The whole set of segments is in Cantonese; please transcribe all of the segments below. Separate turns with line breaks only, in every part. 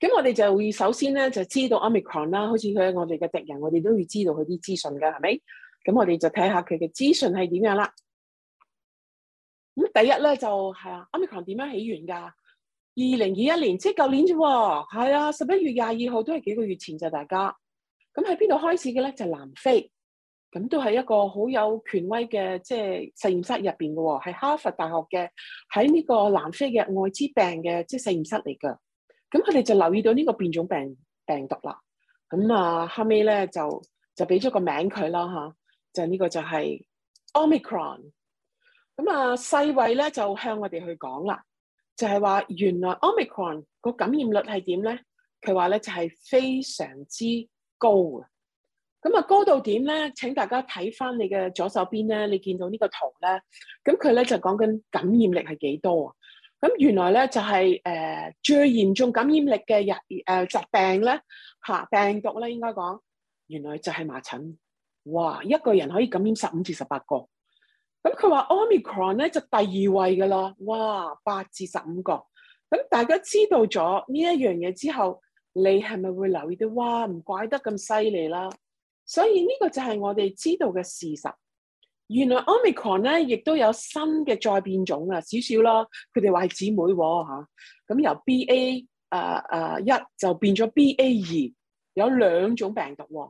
咁我哋就會首先咧就知道 Omicron 啦，好似佢我哋嘅敵人，我哋都會知道佢啲資訊嘅，係咪？咁我哋就睇下佢嘅資訊係點樣啦。咁第一咧就係、是、啊，Omicron 點樣起源㗎？二零二一年，即係舊年啫喎。係啊，十一月廿二號都係幾個月前就大家。咁喺邊度開始嘅咧？就是、南非。咁都係一個好有權威嘅，即、就、係、是、實驗室入邊嘅喎，係哈佛大學嘅喺呢個南非嘅愛滋病嘅即係實驗室嚟㗎。咁佢哋就留意到呢個變種病病毒啦，咁啊後尾咧就就俾咗個名佢啦吓，就呢個就係 omicron。咁啊，世衛咧就向我哋去講啦，就係話原來 omicron 個感染率係點咧？佢話咧就係非常之高啊！咁啊，高到點咧？請大家睇翻你嘅左手邊咧，你見到呢個圖咧，咁佢咧就講緊感染力係幾多啊？咁原來咧就係、是、誒、呃、最嚴重感染力嘅日誒疾病咧嚇病毒咧應該講原來就係麻疹，哇一個人可以感染十五至十八個。咁佢話 Omicron 咧就第二位噶啦，哇八至十五個。咁大家知道咗呢一樣嘢之後，你係咪會留意到哇唔怪得咁犀利啦？所以呢個就係我哋知道嘅事實。原來 Omicron 咧，亦都有新嘅再變種小小啊，少少啦。佢哋話係姊妹嚇，咁由 BA 啊啊一就變咗 BA 二，有兩種病毒。咁、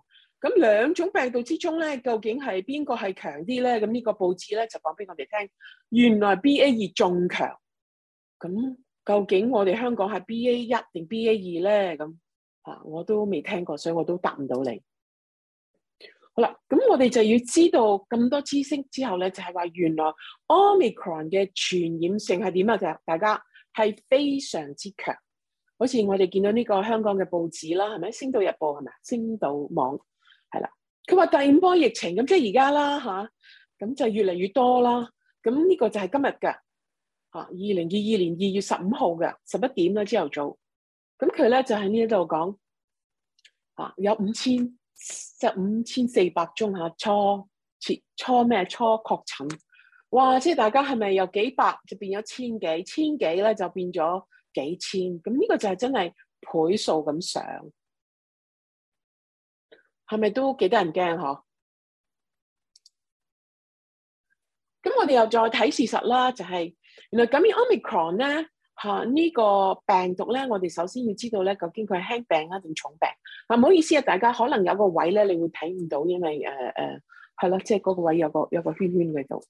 啊、兩種病毒之中咧，究竟係邊個係強啲咧？咁呢個報紙咧就講俾我哋聽，原來 BA 二仲強。咁究竟我哋香港係 BA 一定 BA 二咧？咁啊，我都未聽過，所以我都答唔到你。啦，咁我哋就要知道咁多知識之後咧，就係、是、話原來 omicron 嘅傳染性係點啊？就係大家係非常之強，好似我哋見到呢個香港嘅報紙啦，係咪？星島日報係咪啊？星島網係啦，佢話第五波疫情咁即係而家啦吓，咁就，就越嚟越多啦。咁呢個就係今日嘅吓，二零二二年二月十五號嘅十一點啦，朝頭早。咁佢咧就喺呢一度講啊，有五千。就五千四百宗吓、啊、初切初咩初確診，哇！即係大家係咪由幾百就變咗千幾千幾咧就變咗幾千？咁呢個就係真係倍數咁上，係咪都幾得人驚嗬？咁我哋又再睇事實啦，就係、是、原來感染 Omicron 咧。嚇！呢個病毒咧，我哋首先要知道咧，究竟佢係輕病啊定重病？啊，唔好意思啊，大家可能有個位咧，你會睇唔到，因為誒誒係咯，即係嗰個位有個有個圈圈喺度。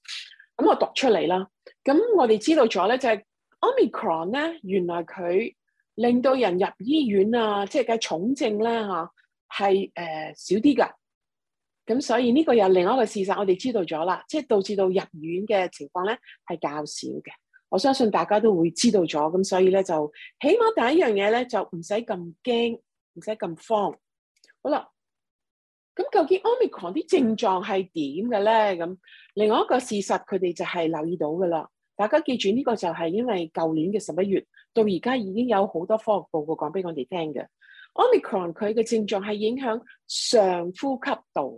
咁我讀出嚟啦。咁我哋知道咗咧，就係 Omicron 咧，原來佢令到人入醫院啊，即係嘅重症咧嚇係誒少啲噶。咁所以呢個又另一個事實，我哋知道咗啦，即係導致到入院嘅情況咧係較少嘅。我相信大家都會知道咗，咁所以咧就起碼第一樣嘢咧就唔使咁驚，唔使咁慌。好啦，咁究竟 Omicron 啲症狀係點嘅咧？咁另外一個事實，佢哋就係留意到㗎啦。大家記住呢個就係因為舊年嘅十一月到而家已經有好多科學報告講俾我哋聽嘅 Omicron，佢嘅症狀係影響上呼吸道。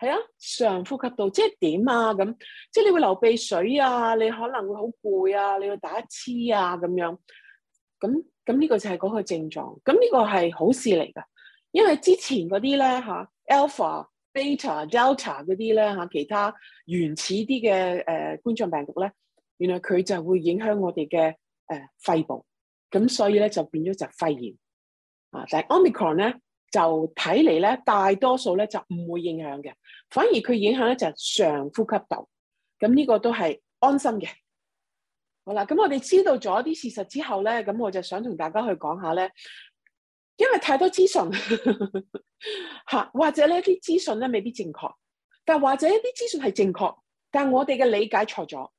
係啊，上呼吸道即係點啊咁，即係、啊、你會流鼻水啊，你可能會好攰啊，你會打痴啊咁樣，咁咁呢個就係嗰個症狀。咁呢個係好事嚟噶，因為之前嗰啲咧吓 alpha beta, delta,、beta、啊、delta 嗰啲咧吓其他原始啲嘅誒冠狀病毒咧，原來佢就會影響我哋嘅誒肺部，咁所以咧就變咗就係肺炎。啊，但係 Omicron 咧。就睇嚟咧，大多數咧就唔會影響嘅，反而佢影響咧就係上呼吸道。咁呢個都係安心嘅。好啦，咁我哋知道咗啲事實之後咧，咁我就想同大家去講下咧，因為太多資訊嚇， 或者咧啲資訊咧未必正確，但或者一啲資訊係正確，但係我哋嘅理解錯咗，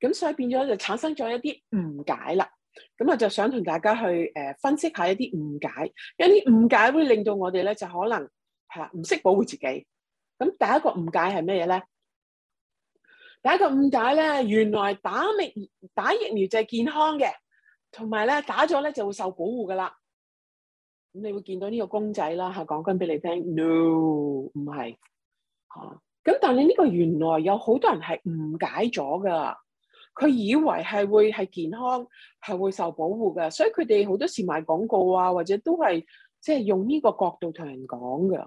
咁所以變咗就產生咗一啲誤解啦。咁啊，就想同大家去誒分析下一啲誤解，因為啲誤解會令到我哋咧就可能吓唔識保護自己。咁第一個誤解係咩嘢咧？第一個誤解咧，原來打疫打疫苗就係健康嘅，同埋咧打咗咧就會受保護噶啦。咁你會見到呢個公仔啦，吓講緊俾你聽，No 唔係吓。咁但係呢個原來有好多人係誤解咗噶。佢以為係會係健康，係會受保護嘅，所以佢哋好多時賣廣告啊，或者都係即係用呢個角度同人講嘅。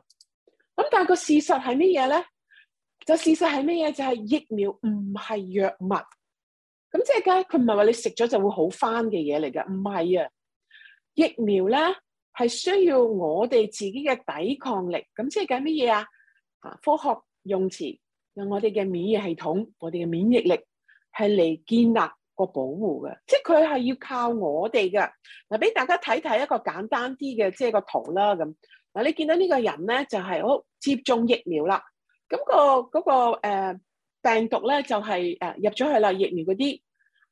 咁但係個事實係乜嘢咧？就事實係乜嘢？就係疫苗唔係藥物。咁即係嘅，佢唔係話你食咗就會好翻嘅嘢嚟嘅，唔係啊！疫苗咧係需要我哋自己嘅抵抗力。咁即係講乜嘢啊？啊，科學用詞，用我哋嘅免疫系統，我哋嘅免疫力。係嚟建立個保護嘅，即係佢係要靠我哋嘅。嗱，俾大家睇睇一個簡單啲嘅，即係個圖啦。咁嗱，你見到呢個人咧，就係好接種疫苗啦。咁個嗰個誒病毒咧，就係誒入咗去啦，疫苗嗰啲。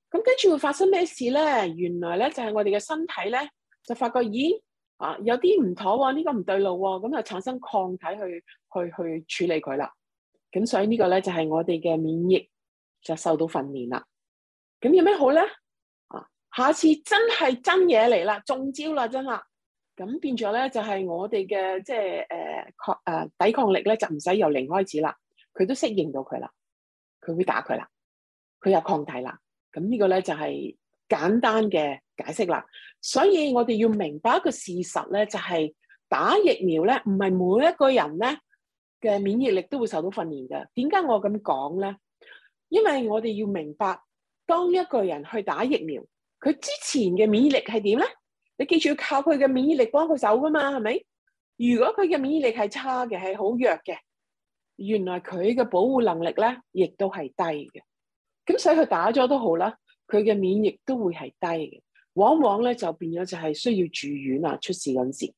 咁跟住會發生咩事咧？原來咧就係我哋嘅身體咧就發覺，咦啊，有啲唔妥喎，呢個唔對路喎，咁就產生抗體去去去處理佢啦。咁所以呢個咧就係我哋嘅免疫，就受到訓練啦，咁有咩好咧？啊，下次真係真嘢嚟啦，中招啦，真啦，咁變咗咧就係我哋嘅即係誒抗誒抵抗力咧就唔使由零開始啦，佢都適應到佢啦，佢會打佢啦，佢又抗體啦，咁呢個咧就係簡單嘅解釋啦。所以我哋要明白一個事實咧，就係打疫苗咧，唔係每一個人咧嘅免疫力都會受到訓練嘅。點解我咁講咧？因為我哋要明白，當一個人去打疫苗，佢之前嘅免疫力係點咧？你記住要靠佢嘅免疫力幫佢手噶嘛，係咪？如果佢嘅免疫力係差嘅，係好弱嘅，原來佢嘅保護能力咧，亦都係低嘅。咁所以佢打咗都好啦，佢嘅免疫都會係低嘅，往往咧就變咗就係需要住院啊，出事嗰陣時。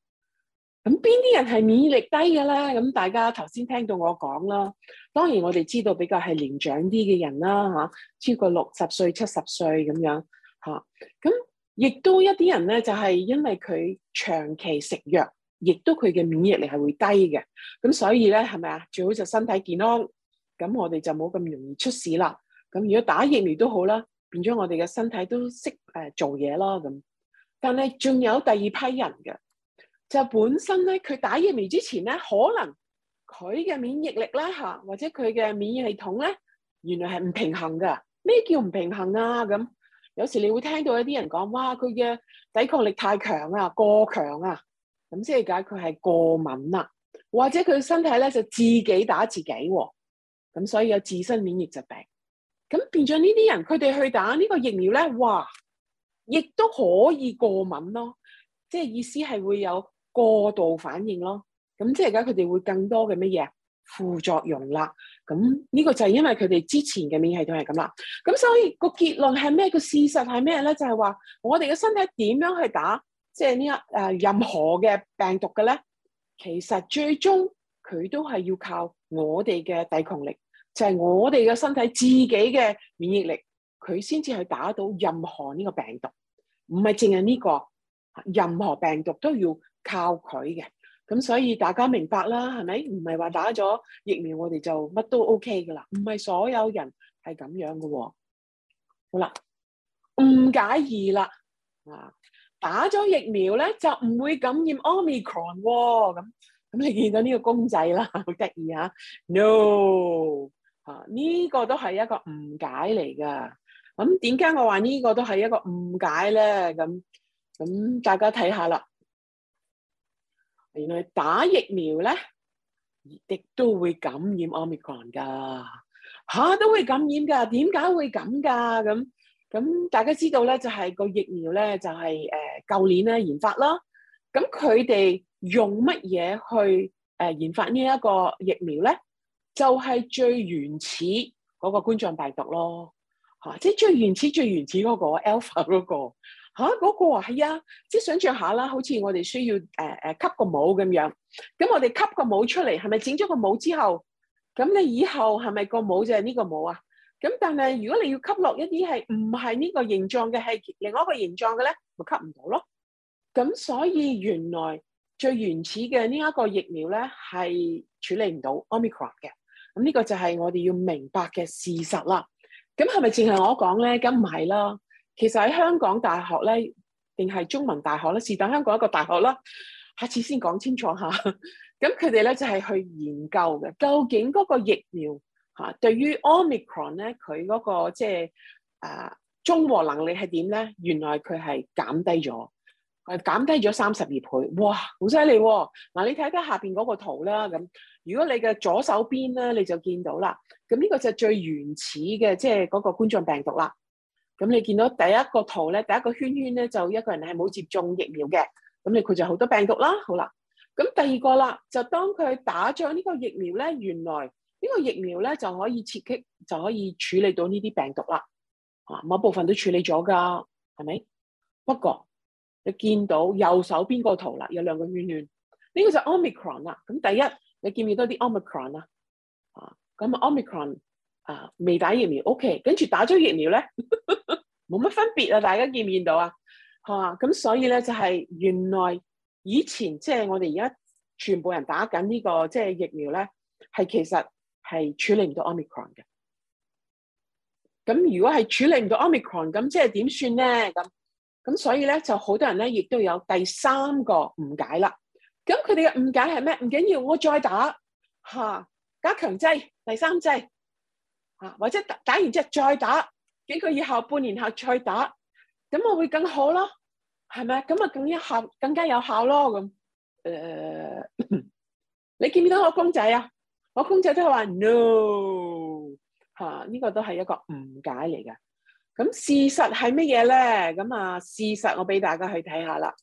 咁邊啲人係免疫力低嘅咧？咁大家頭先聽到我講啦，當然我哋知道比較係年長啲嘅人啦，吓超過六十歲、七十歲咁樣吓。咁亦都一啲人咧，就係因為佢長期食藥，亦都佢嘅免疫力係會低嘅。咁所以咧，係咪啊？最好就身體健康，咁我哋就冇咁容易出事啦。咁如果打疫苗都好啦，變咗我哋嘅身體都識誒做嘢咯。咁，但係仲有第二批人嘅。就本身咧，佢打疫苗之前咧，可能佢嘅免疫力啦吓，或者佢嘅免疫系統咧，原來係唔平衡噶。咩叫唔平衡啊？咁有時你會聽到一啲人講，哇，佢嘅抵抗力太強啊，過強啊，咁即係解佢係過敏啊，或者佢身體咧就自己打自己啊，咁所以有自身免疫疾病。咁變咗呢啲人，佢哋去打呢個疫苗咧，哇，亦都可以過敏咯，即係意思係會有。過度反應咯，咁即係而家佢哋會更多嘅乜嘢副作用啦。咁呢個就係因為佢哋之前嘅免疫系統係咁啦。咁所以個結論係咩？個事實係咩咧？就係話我哋嘅身體點樣去打即係呢一，誒任何嘅病毒嘅咧？其實最終佢都係要靠我哋嘅抵抗力，就係我哋嘅身體自己嘅免疫力，佢先至去打到任何呢個病毒。唔係淨係呢個，任何病毒都要。靠佢嘅，咁所以大家明白啦，係咪？唔係話打咗疫苗我哋就乜都 OK 噶啦，唔係所有人係咁樣噶喎。好啦，誤解二啦，啊，打咗疫苗咧就唔會感染 Omicron 咁哦，咁你見到呢個公仔啦，好得意吓，No，吓呢個都係一個誤解嚟噶。咁點解我話呢個都係一個誤解咧？咁咁大家睇下啦。原來打疫苗咧，亦都會感染 omicron 噶吓、啊、都會感染噶點解會咁噶咁咁大家知道咧，就係、是、個疫苗咧，就係誒舊年咧研發啦。咁佢哋用乜嘢去誒研發呢一個疫苗咧？就係、是、最原始嗰個冠狀病毒咯，吓、啊、即係最原始、最原始嗰個 alpha 嗰個。吓、啊、嗰、那個話係啊，即係想像下啦，好似我哋需要、呃、吸個帽咁樣，咁我哋吸個帽出嚟，係咪整咗個帽之後，咁你以後係咪個帽就係呢個帽啊？咁但係如果你要吸落一啲係唔係呢個形狀嘅係，另外一個形狀嘅咧，咪吸唔到咯。咁所以原來最原始嘅呢一個疫苗咧，係處理唔到 Omicron 嘅。咁呢個就係我哋要明白嘅事實啦。咁係咪淨係我講咧？咁唔係啦。其實喺香港大學咧，定係中文大學咧，是但香港一個大學啦。下次先講清楚下。咁佢哋咧就係、是、去研究嘅，究竟嗰個疫苗嚇對於 Omicron 咧，佢嗰、那個即係、就是、啊中和能力係點咧？原來佢係減低咗，係減低咗三十二倍。哇，好犀利喎！嗱，你睇睇下邊嗰個圖啦。咁如果你嘅左手邊咧，你就見到啦。咁呢個就係最原始嘅，即係嗰個冠狀病毒啦。咁你見到第一個圖咧，第一個圈圈咧就一個人係冇接種疫苗嘅，咁你佢就好多病毒啦，好啦。咁第二個啦，就當佢打咗呢個疫苗咧，原來呢個疫苗咧就可以刺激，就可以處理到呢啲病毒啦。啊，某部分都處理咗㗎，係咪？不過你見到右手邊個圖啦，有兩個圈圈，呢個就 Omicron 啦。咁第一，你見唔見到啲 Omicron 啊？咁 Omicron 啊，未打疫苗，OK，跟住打咗疫苗咧。 冇乜分別啊！大家見唔見到啊？嚇、啊！咁所以咧就係、是、原來以前即係、就是、我哋而家全部人打緊、這、呢個即係、就是、疫苗咧，係其實係處理唔到 Omicron 嘅。咁如果係處理唔到 Omicron，咁即係點算咧？咁咁所以咧就好多人咧，亦都有第三個誤解啦。咁佢哋嘅誤解係咩？唔緊要，我再打嚇加強劑第三劑嚇，或者打完之後再打。幾個月後半年後再打，咁我會更好咯，係咪？咁啊更有效，更加有效咯咁。誒、呃， 你見唔見到我公仔啊？我公仔都係話 no 吓、啊，呢、這個都係一個誤解嚟嘅。咁事實係乜嘢咧？咁啊，事實我俾大家去睇下啦。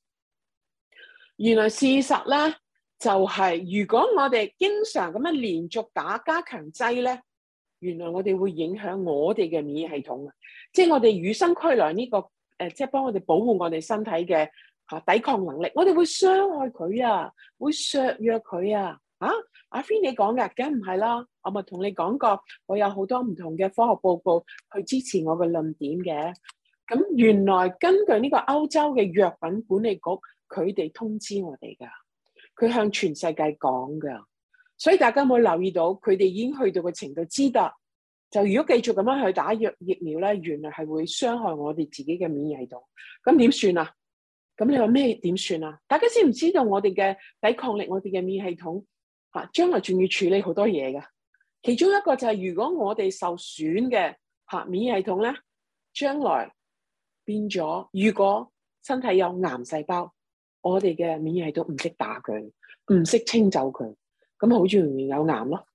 原來事實咧就係、是，如果我哋經常咁樣連續打加強劑咧。原來我哋會影響我哋嘅免疫系統啊！即係我哋與生俱來呢、這個誒、呃，即係幫我哋保護我哋身體嘅吓抵抗能力，我哋會傷害佢啊，會削弱佢啊！啊，阿芬你講㗎，梗唔係啦，我咪同你講過，我有好多唔同嘅科學報告去支持我嘅論點嘅。咁原來根據呢個歐洲嘅藥品管理局，佢哋通知我哋噶，佢向全世界講噶。所以大家冇留意到，佢哋已經去到個程度，知得就如果繼續咁樣去打藥疫苗咧，原來係會傷害我哋自己嘅免疫系統。咁點算啊？咁你話咩點算啊？大家知唔知道我哋嘅抵抗力、我哋嘅免疫系統嚇，將來仲要處理好多嘢㗎。其中一個就係，如果我哋受損嘅嚇免疫系統咧，將來變咗，如果身體有癌細胞，我哋嘅免疫系統唔識打佢，唔識清走佢。咁好似容易有癌咯，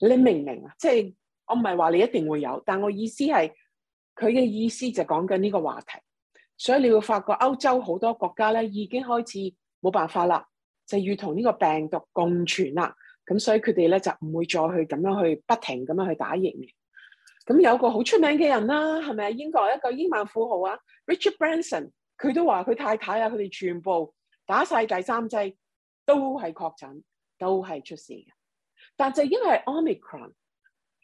你明唔明啊？即係我唔係話你一定會有，但我意思係佢嘅意思就講緊呢個話題，所以你會發覺歐洲好多國家咧已經開始冇辦法啦，就要同呢個病毒共存啦。咁所以佢哋咧就唔會再去咁樣去不停咁樣去打疫苗。咁有個好出名嘅人啦，係咪英國一個億萬富豪啊，Richard Branson，佢都話佢太太啊，佢哋全部打晒第三劑都係確診。都係出事嘅，但就因為係 omicron，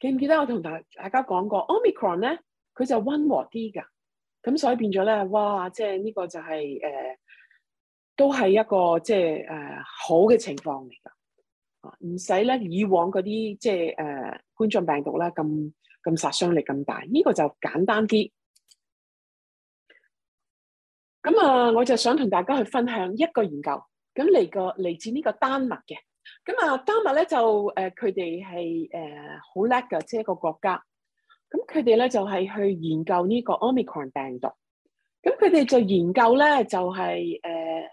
記唔記得我同大大家講過 omicron 咧，佢就溫和啲噶，咁所以變咗咧，哇！即係呢個就係、是、誒、呃，都係一個即係誒好嘅情況嚟噶，唔使咧以往嗰啲即係誒冠狀病毒啦咁咁殺傷力咁大，呢個就簡單啲。咁啊，我就想同大家去分享一個研究，咁嚟個嚟自呢個丹麥嘅。咁啊，丹麥咧就誒，佢哋係誒好叻嘅，即係、呃就是、個國家。咁佢哋咧就係、是、去研究呢個 Omicron 病毒。咁佢哋就研究咧就係、是、誒，佢、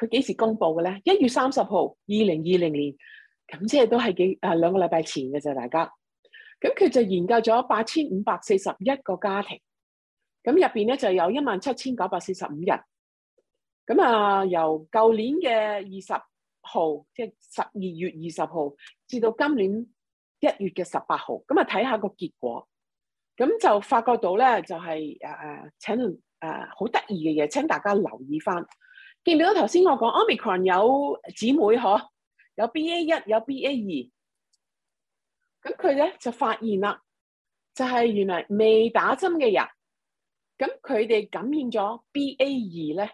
呃、幾時公布嘅咧？一月三十號，二零二零年。咁即係都係幾誒兩、啊、個禮拜前嘅咋，大家。咁佢就研究咗八千五百四十一個家庭。咁入邊咧就有一萬七千九百四十五人。咁啊，由舊年嘅二十。號即係十二月二十號，至到今年一月嘅十八號，咁啊，睇下個結果，咁就發覺到咧，就係誒誒請誒好得意嘅嘢，請大家留意翻。見唔見到頭先我講 omicron 有姊妹嗬，有 BA 一，有 BA 二，咁佢咧就發現啦，就係、是、原來未打針嘅人，咁佢哋感染咗 BA 二咧，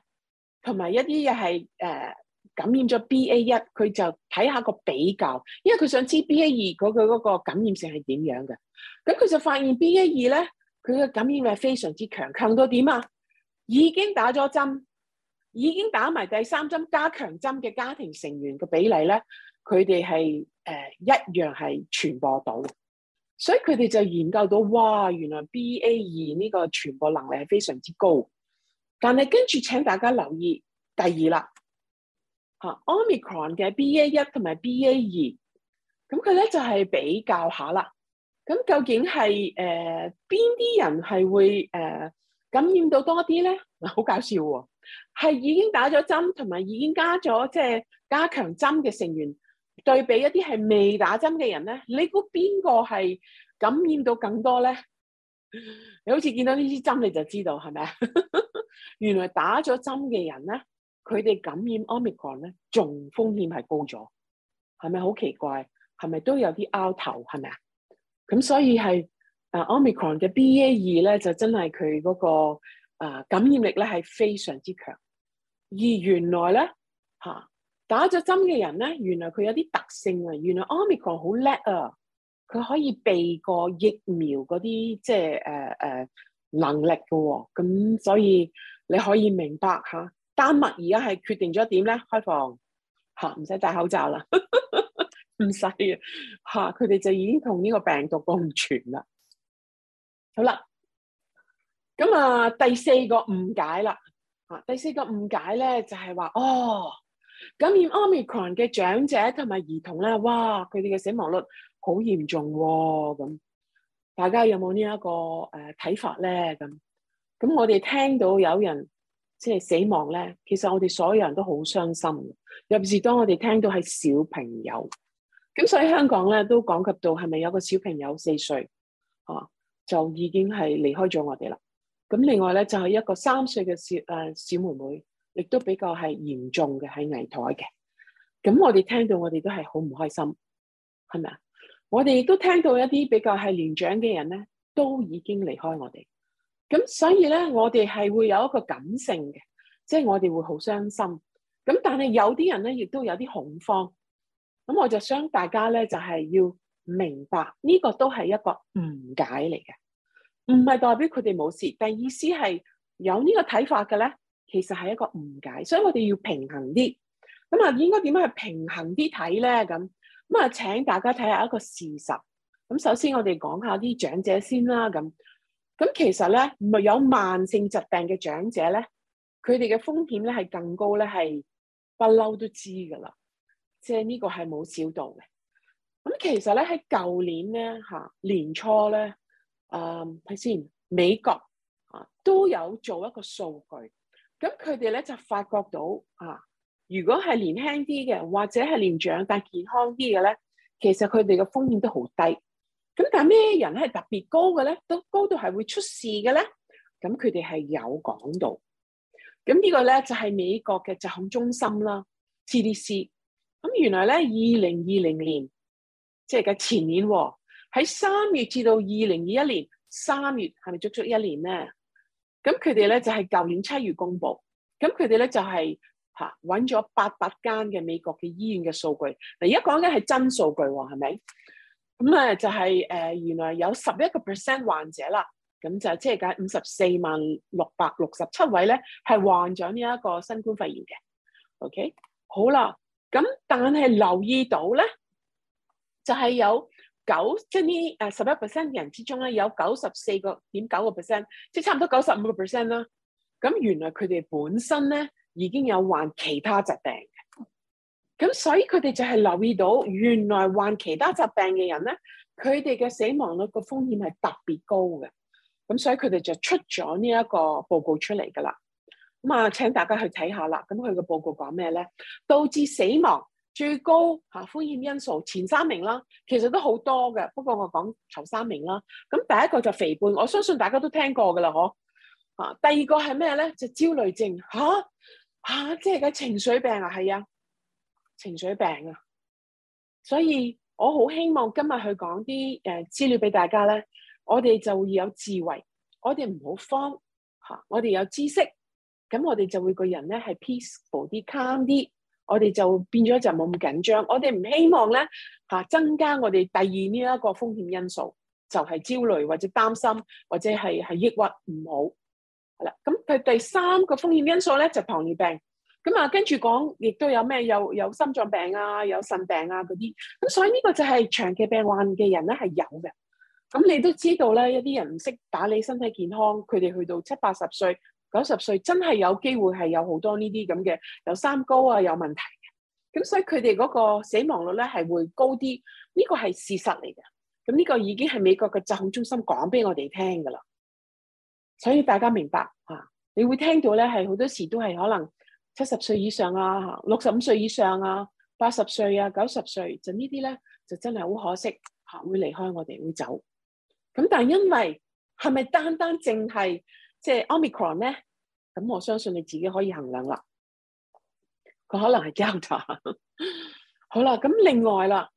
同埋一啲嘢係誒。呃感染咗 BA 一，佢就睇下個比較，因為佢想知 BA 二嗰個個感染性係點樣嘅。咁佢就發現 BA 二咧，佢嘅感染力係非常之強，強到點啊！已經打咗針，已經打埋第三針加強針嘅家庭成員嘅比例咧，佢哋係誒一樣係傳播到。所以佢哋就研究到，哇！原來 BA 二呢個傳播能力係非常之高。但係跟住，請大家留意第二啦。啊，Omicron 嘅 BA 一同埋 BA 二，咁佢咧就係、是、比較下啦。咁究竟係誒邊啲人係會誒、呃、感染到多啲咧？好搞笑喎！係已經打咗針同埋已經加咗即係加強針嘅成員對比一啲係未打針嘅人咧，你估邊個係感染到更多咧？你好似見到呢支針你就知道係咪啊？ 原來打咗針嘅人咧。佢哋感染 omicron 咧，仲風險係高咗，係咪好奇怪？係咪都有啲拗頭？係咪啊？咁所以係啊，omicron 嘅 BA 二咧，就真係佢嗰個、啊、感染力咧係非常之強。而原來咧嚇、啊、打咗針嘅人咧，原來佢有啲特性啊！原來 omicron 好叻啊，佢可以避過疫苗嗰啲即係誒誒能力㗎喎、哦。咁所以你可以明白吓。丹麥而家係決定咗點咧？開放吓，唔使戴口罩啦，唔使嘅吓，佢哋就已經同呢個病毒共存啦。好啦，咁啊，第四個誤解啦，啊，第四個誤解咧就係、是、話哦，感染 Omicron 嘅長者同埋兒童咧，哇，佢哋嘅死亡率好嚴重咁、哦。大家有冇、這個呃、呢一個誒睇法咧？咁，咁我哋聽到有人。即係死亡咧，其實我哋所有人都好傷心。尤其是當我哋聽到係小朋友，咁所以香港咧都講及到係咪有個小朋友四歲，啊，就已經係離開咗我哋啦。咁另外咧就係一個三歲嘅小誒、呃、小妹妹，亦都比較係嚴重嘅喺危殆嘅。咁我哋聽到我哋都係好唔開心，係咪啊？我哋亦都聽到一啲比較係年長嘅人咧，都已經離開我哋。咁所以咧，我哋係會有一個感性嘅，即係我哋會好傷心。咁但係有啲人咧，亦都有啲恐慌。咁我就想大家咧，就係要明白呢個都係一個誤解嚟嘅，唔係代表佢哋冇事。但意思係有呢個睇法嘅咧，其實係一個誤解。所以我哋要平衡啲。咁啊，應該點樣去平衡啲睇咧？咁咁啊，請大家睇下一個事實。咁首先我哋講下啲長者先啦。咁。咁其實咧，咪有慢性疾病嘅長者咧，佢哋嘅風險咧係更高咧，係不嬲都知噶啦。即係呢個係冇少到嘅。咁其實咧，喺舊年咧嚇年初咧，誒睇先美國啊都有做一個數據，咁佢哋咧就發覺到啊，如果係年輕啲嘅或者係年長但健康啲嘅咧，其實佢哋嘅風險都好低。咁但係咩人咧，係特別高嘅咧？都高度係會出事嘅咧？咁佢哋係有講到。咁呢個咧，就係美國嘅疾控中心啦，CDC。咁原來咧，二零二零年即係嘅前年喎，喺三月至到二零二一年三月，係咪足足一年咧？咁佢哋咧，就係舊年七月公佈，咁佢哋咧，就係吓搵咗八百間嘅美國嘅醫院嘅數據。嗱，而家講緊係真數據喎，係咪？咁咧就係、是、誒、呃，原來有十一個 percent 患者啦，咁就即係講五十四萬六百六十七位咧係患咗呢一個新冠肺炎嘅。OK，好啦，咁但係留意到咧，就係、是、有九即係呢誒十一 percent 嘅人之中咧，有九十四個點九個 percent，即係差唔多九十五個 percent 啦。咁原來佢哋本身咧已經有患其他疾病。咁所以佢哋就係留意到，原來患其他疾病嘅人咧，佢哋嘅死亡率個風險係特別高嘅。咁所以佢哋就出咗呢一個報告出嚟噶啦。咁啊，請大家去睇下啦。咁佢嘅報告講咩咧？導致死亡最高嚇、啊、風險因素前三名啦，其實都好多嘅。不過我講前三名啦。咁第一個就肥胖，我相信大家都聽過噶啦，嗬。啊，第二個係咩咧？就焦慮症，嚇、啊、嚇、啊，即係個情緒病啊，係啊。情緒病啊！所以我好希望今日去講啲誒資料俾大家咧，我哋就要有智慧，我哋唔好慌嚇，我哋有知識，咁我哋就會個人咧係 peaceful 啲、calm 啲，我哋就變咗就冇咁緊張。我哋唔希望咧嚇增加我哋第二呢一個風險因素，就係焦慮或者擔心或者係係抑鬱，唔好。係啦，咁佢第三個風險因素咧就糖尿病。咁啊，跟住講，亦都有咩？有有心臟病啊，有腎病啊嗰啲。咁所以呢個就係長期病患嘅人咧，係有嘅。咁你都知道咧，一啲人唔識打理身體健康，佢哋去到七八十歲、九十歲，真係有機會係有好多呢啲咁嘅有三高啊，有問題嘅。咁所以佢哋嗰個死亡率咧係會高啲。呢個係事實嚟嘅。咁呢個已經係美國嘅疾控中心講俾我哋聽噶啦。所以大家明白嚇，你會聽到咧係好多時都係可能。七十歲以上啊，六十五歲以上啊，八十歲啊，九十歲就呢啲咧，就真係好可惜，吓會離開我哋會走。咁但係因為係咪單單淨係即係 Omicron 咧？咁我相信你自己可以衡量啦。佢可能係 Delta。好啦，咁另外啦，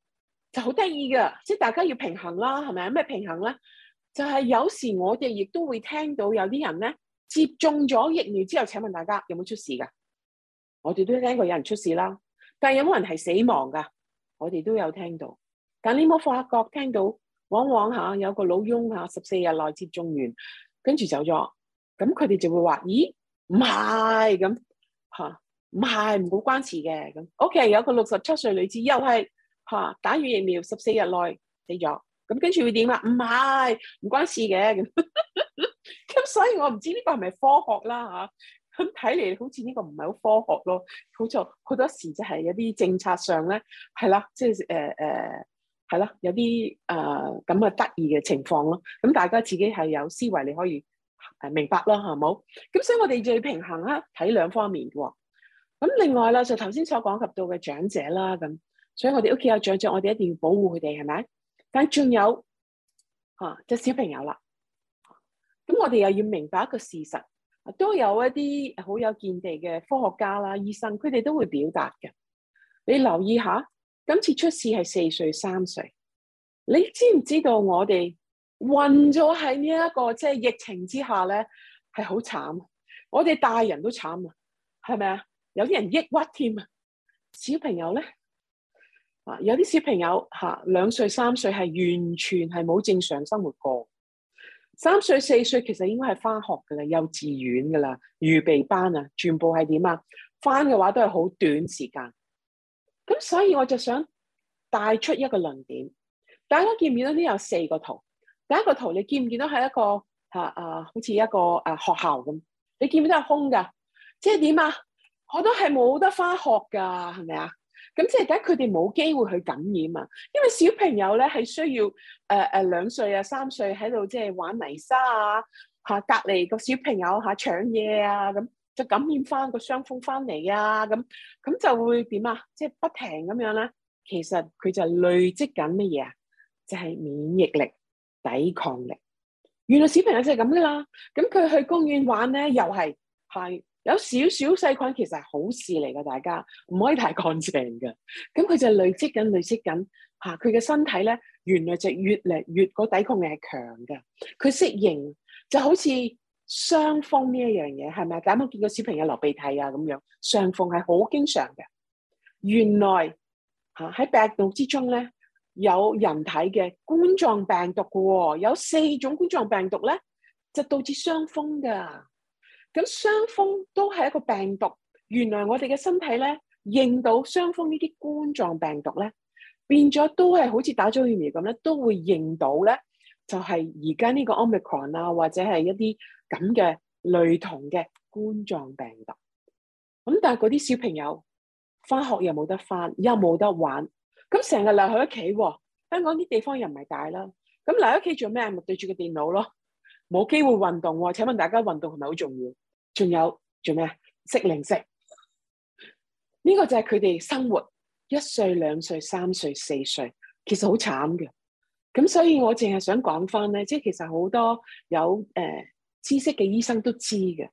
就好得意㗎。即係大家要平衡啦，係咪？有咩平衡咧？就係有時我哋亦都會聽到有啲人咧接種咗疫苗之後，請問大家有冇出事噶？我哋都聽過有人出事啦，但係有冇人係死亡噶？我哋都有聽到，但你冇發覺聽到，往往吓有個老翁吓十四日內接種完，跟住走咗，咁佢哋就會話：咦，唔係咁吓，唔係唔好關事嘅咁。O.K. 有個六十七歲女子又係吓、啊、打完疫苗十四日內死咗，咁跟住會點啊？唔係唔關事嘅咁， 咁所以我唔知呢個係咪科學啦吓。啊咁睇嚟好似呢個唔係好科學咯，好似好多時就係有啲政策上咧，係啦，即係誒誒，係啦，有啲啊咁嘅得意嘅情況咯。咁大家自己係有思維，你可以誒明白啦，係冇？咁所以我哋就要平衡啦，睇兩方面嘅喎。咁另外啦，就頭先所講及到嘅長者啦，咁所以我哋屋企有長者，我哋一定要保護佢哋，係咪？但仲有啊，即係小朋友啦。咁我哋又要明白一個事實。都有一啲好有見地嘅科學家啦、醫生，佢哋都會表達嘅。你留意下，今次出事係四歲、三歲。你知唔知道我哋混咗喺呢一個即係疫情之下咧，係好慘。我哋大人都慘啊，係咪啊？有啲人抑鬱添啊。小朋友咧，啊有啲小朋友嚇兩歲、三歲係完全係冇正常生活過。三歲四歲其實應該係返學噶啦，幼稚園噶啦，預備班啊，全部係點啊？返嘅話都係好短時間。咁所以我就想帶出一個論點，大家見唔見到呢？有四個圖，第一個圖你見唔見到係一個吓啊，啊？好似一個誒、啊、學校咁，你見唔見到係空噶？即係點啊？我都係冇得返學噶，係咪啊？咁即係而家佢哋冇機會去感染啊，因為小朋友咧係需要誒誒、呃呃、兩歲啊三歲喺度即係玩泥沙啊嚇隔籬個小朋友嚇、啊、搶嘢啊，咁就感染翻個傷風翻嚟啊咁咁就會點啊？即、就、係、是、不停咁樣咧，其實佢就累積緊乜嘢啊？就係、是、免疫力、抵抗力。原來小朋友就係咁噶啦。咁佢去公園玩咧，又係係。是有少少細菌其實係好事嚟噶，大家唔可以太乾淨噶。咁佢就累積緊，累積緊嚇，佢嘅身體咧原來就越嚟越個抵抗力係強噶。佢適應就好似傷風呢一樣嘢，係咪？啱啱見個小朋友流鼻涕啊咁樣，傷風係好經常嘅。原來嚇喺病毒之中咧，有人體嘅冠狀病毒嘅喎、哦，有四種冠狀病毒咧就導致傷風噶。咁傷風都係一個病毒，原來我哋嘅身體咧認到傷風呢啲冠狀病毒咧，變咗都係好似打咗疫苗咁咧，都會認到咧，就係而家呢個 Omicron 啊，或者係一啲咁嘅類同嘅冠狀病毒。咁但係嗰啲小朋友返學又冇得返，又冇得玩，咁成日留喺屋企喎。香港啲地方又唔係大啦，咁留喺屋企做咩啊？咪對住個電腦咯，冇機會運動喎。請問大家運動係咪好重要？仲有做咩？食零食呢個就係佢哋生活一歲、兩歲、三歲、四歲，其實好慘嘅。咁所以我淨係想講翻咧，即係其實好多有誒知識嘅醫生都知嘅，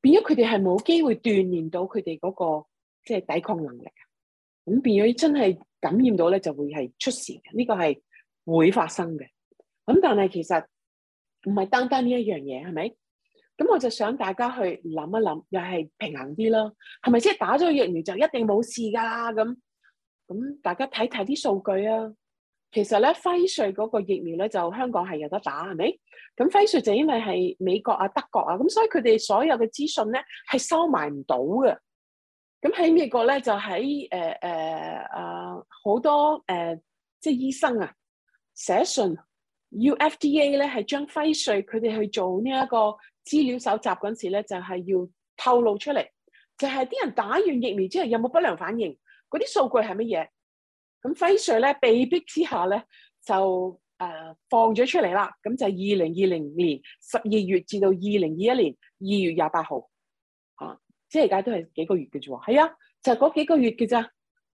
變咗佢哋係冇機會鍛煉到佢哋嗰個即係抵抗能力啊。咁變咗真係感染到咧，就會係出事嘅，呢個係會發生嘅。咁但係其實唔係單單呢一樣嘢，係咪？咁我就想大家去諗一諗，又係平衡啲囉。係咪即係打咗疫苗就一定冇事噶？咁咁大家睇睇啲數據啊。其實咧輝瑞嗰個疫苗咧就香港係有得打，係咪？咁輝瑞就因為係美國啊、德國啊，咁所以佢哋所有嘅資訊咧係收埋唔到嘅。咁喺美國咧就喺誒誒啊好多誒、呃、即係醫生啊寫信。要 FDA 咧係將輝瑞佢哋去做呢一個資料搜集嗰陣時咧，就係要透露出嚟，就係啲人打完疫苗之後有冇不良反應，嗰啲數據係乜嘢？咁輝瑞咧被逼之下咧就誒放咗出嚟啦，咁就係二零二零年十二月至到二零二一年二月廿八號，嚇、啊，即係而家都係幾個月嘅啫。係啊，就係、是、嗰幾個月嘅咋。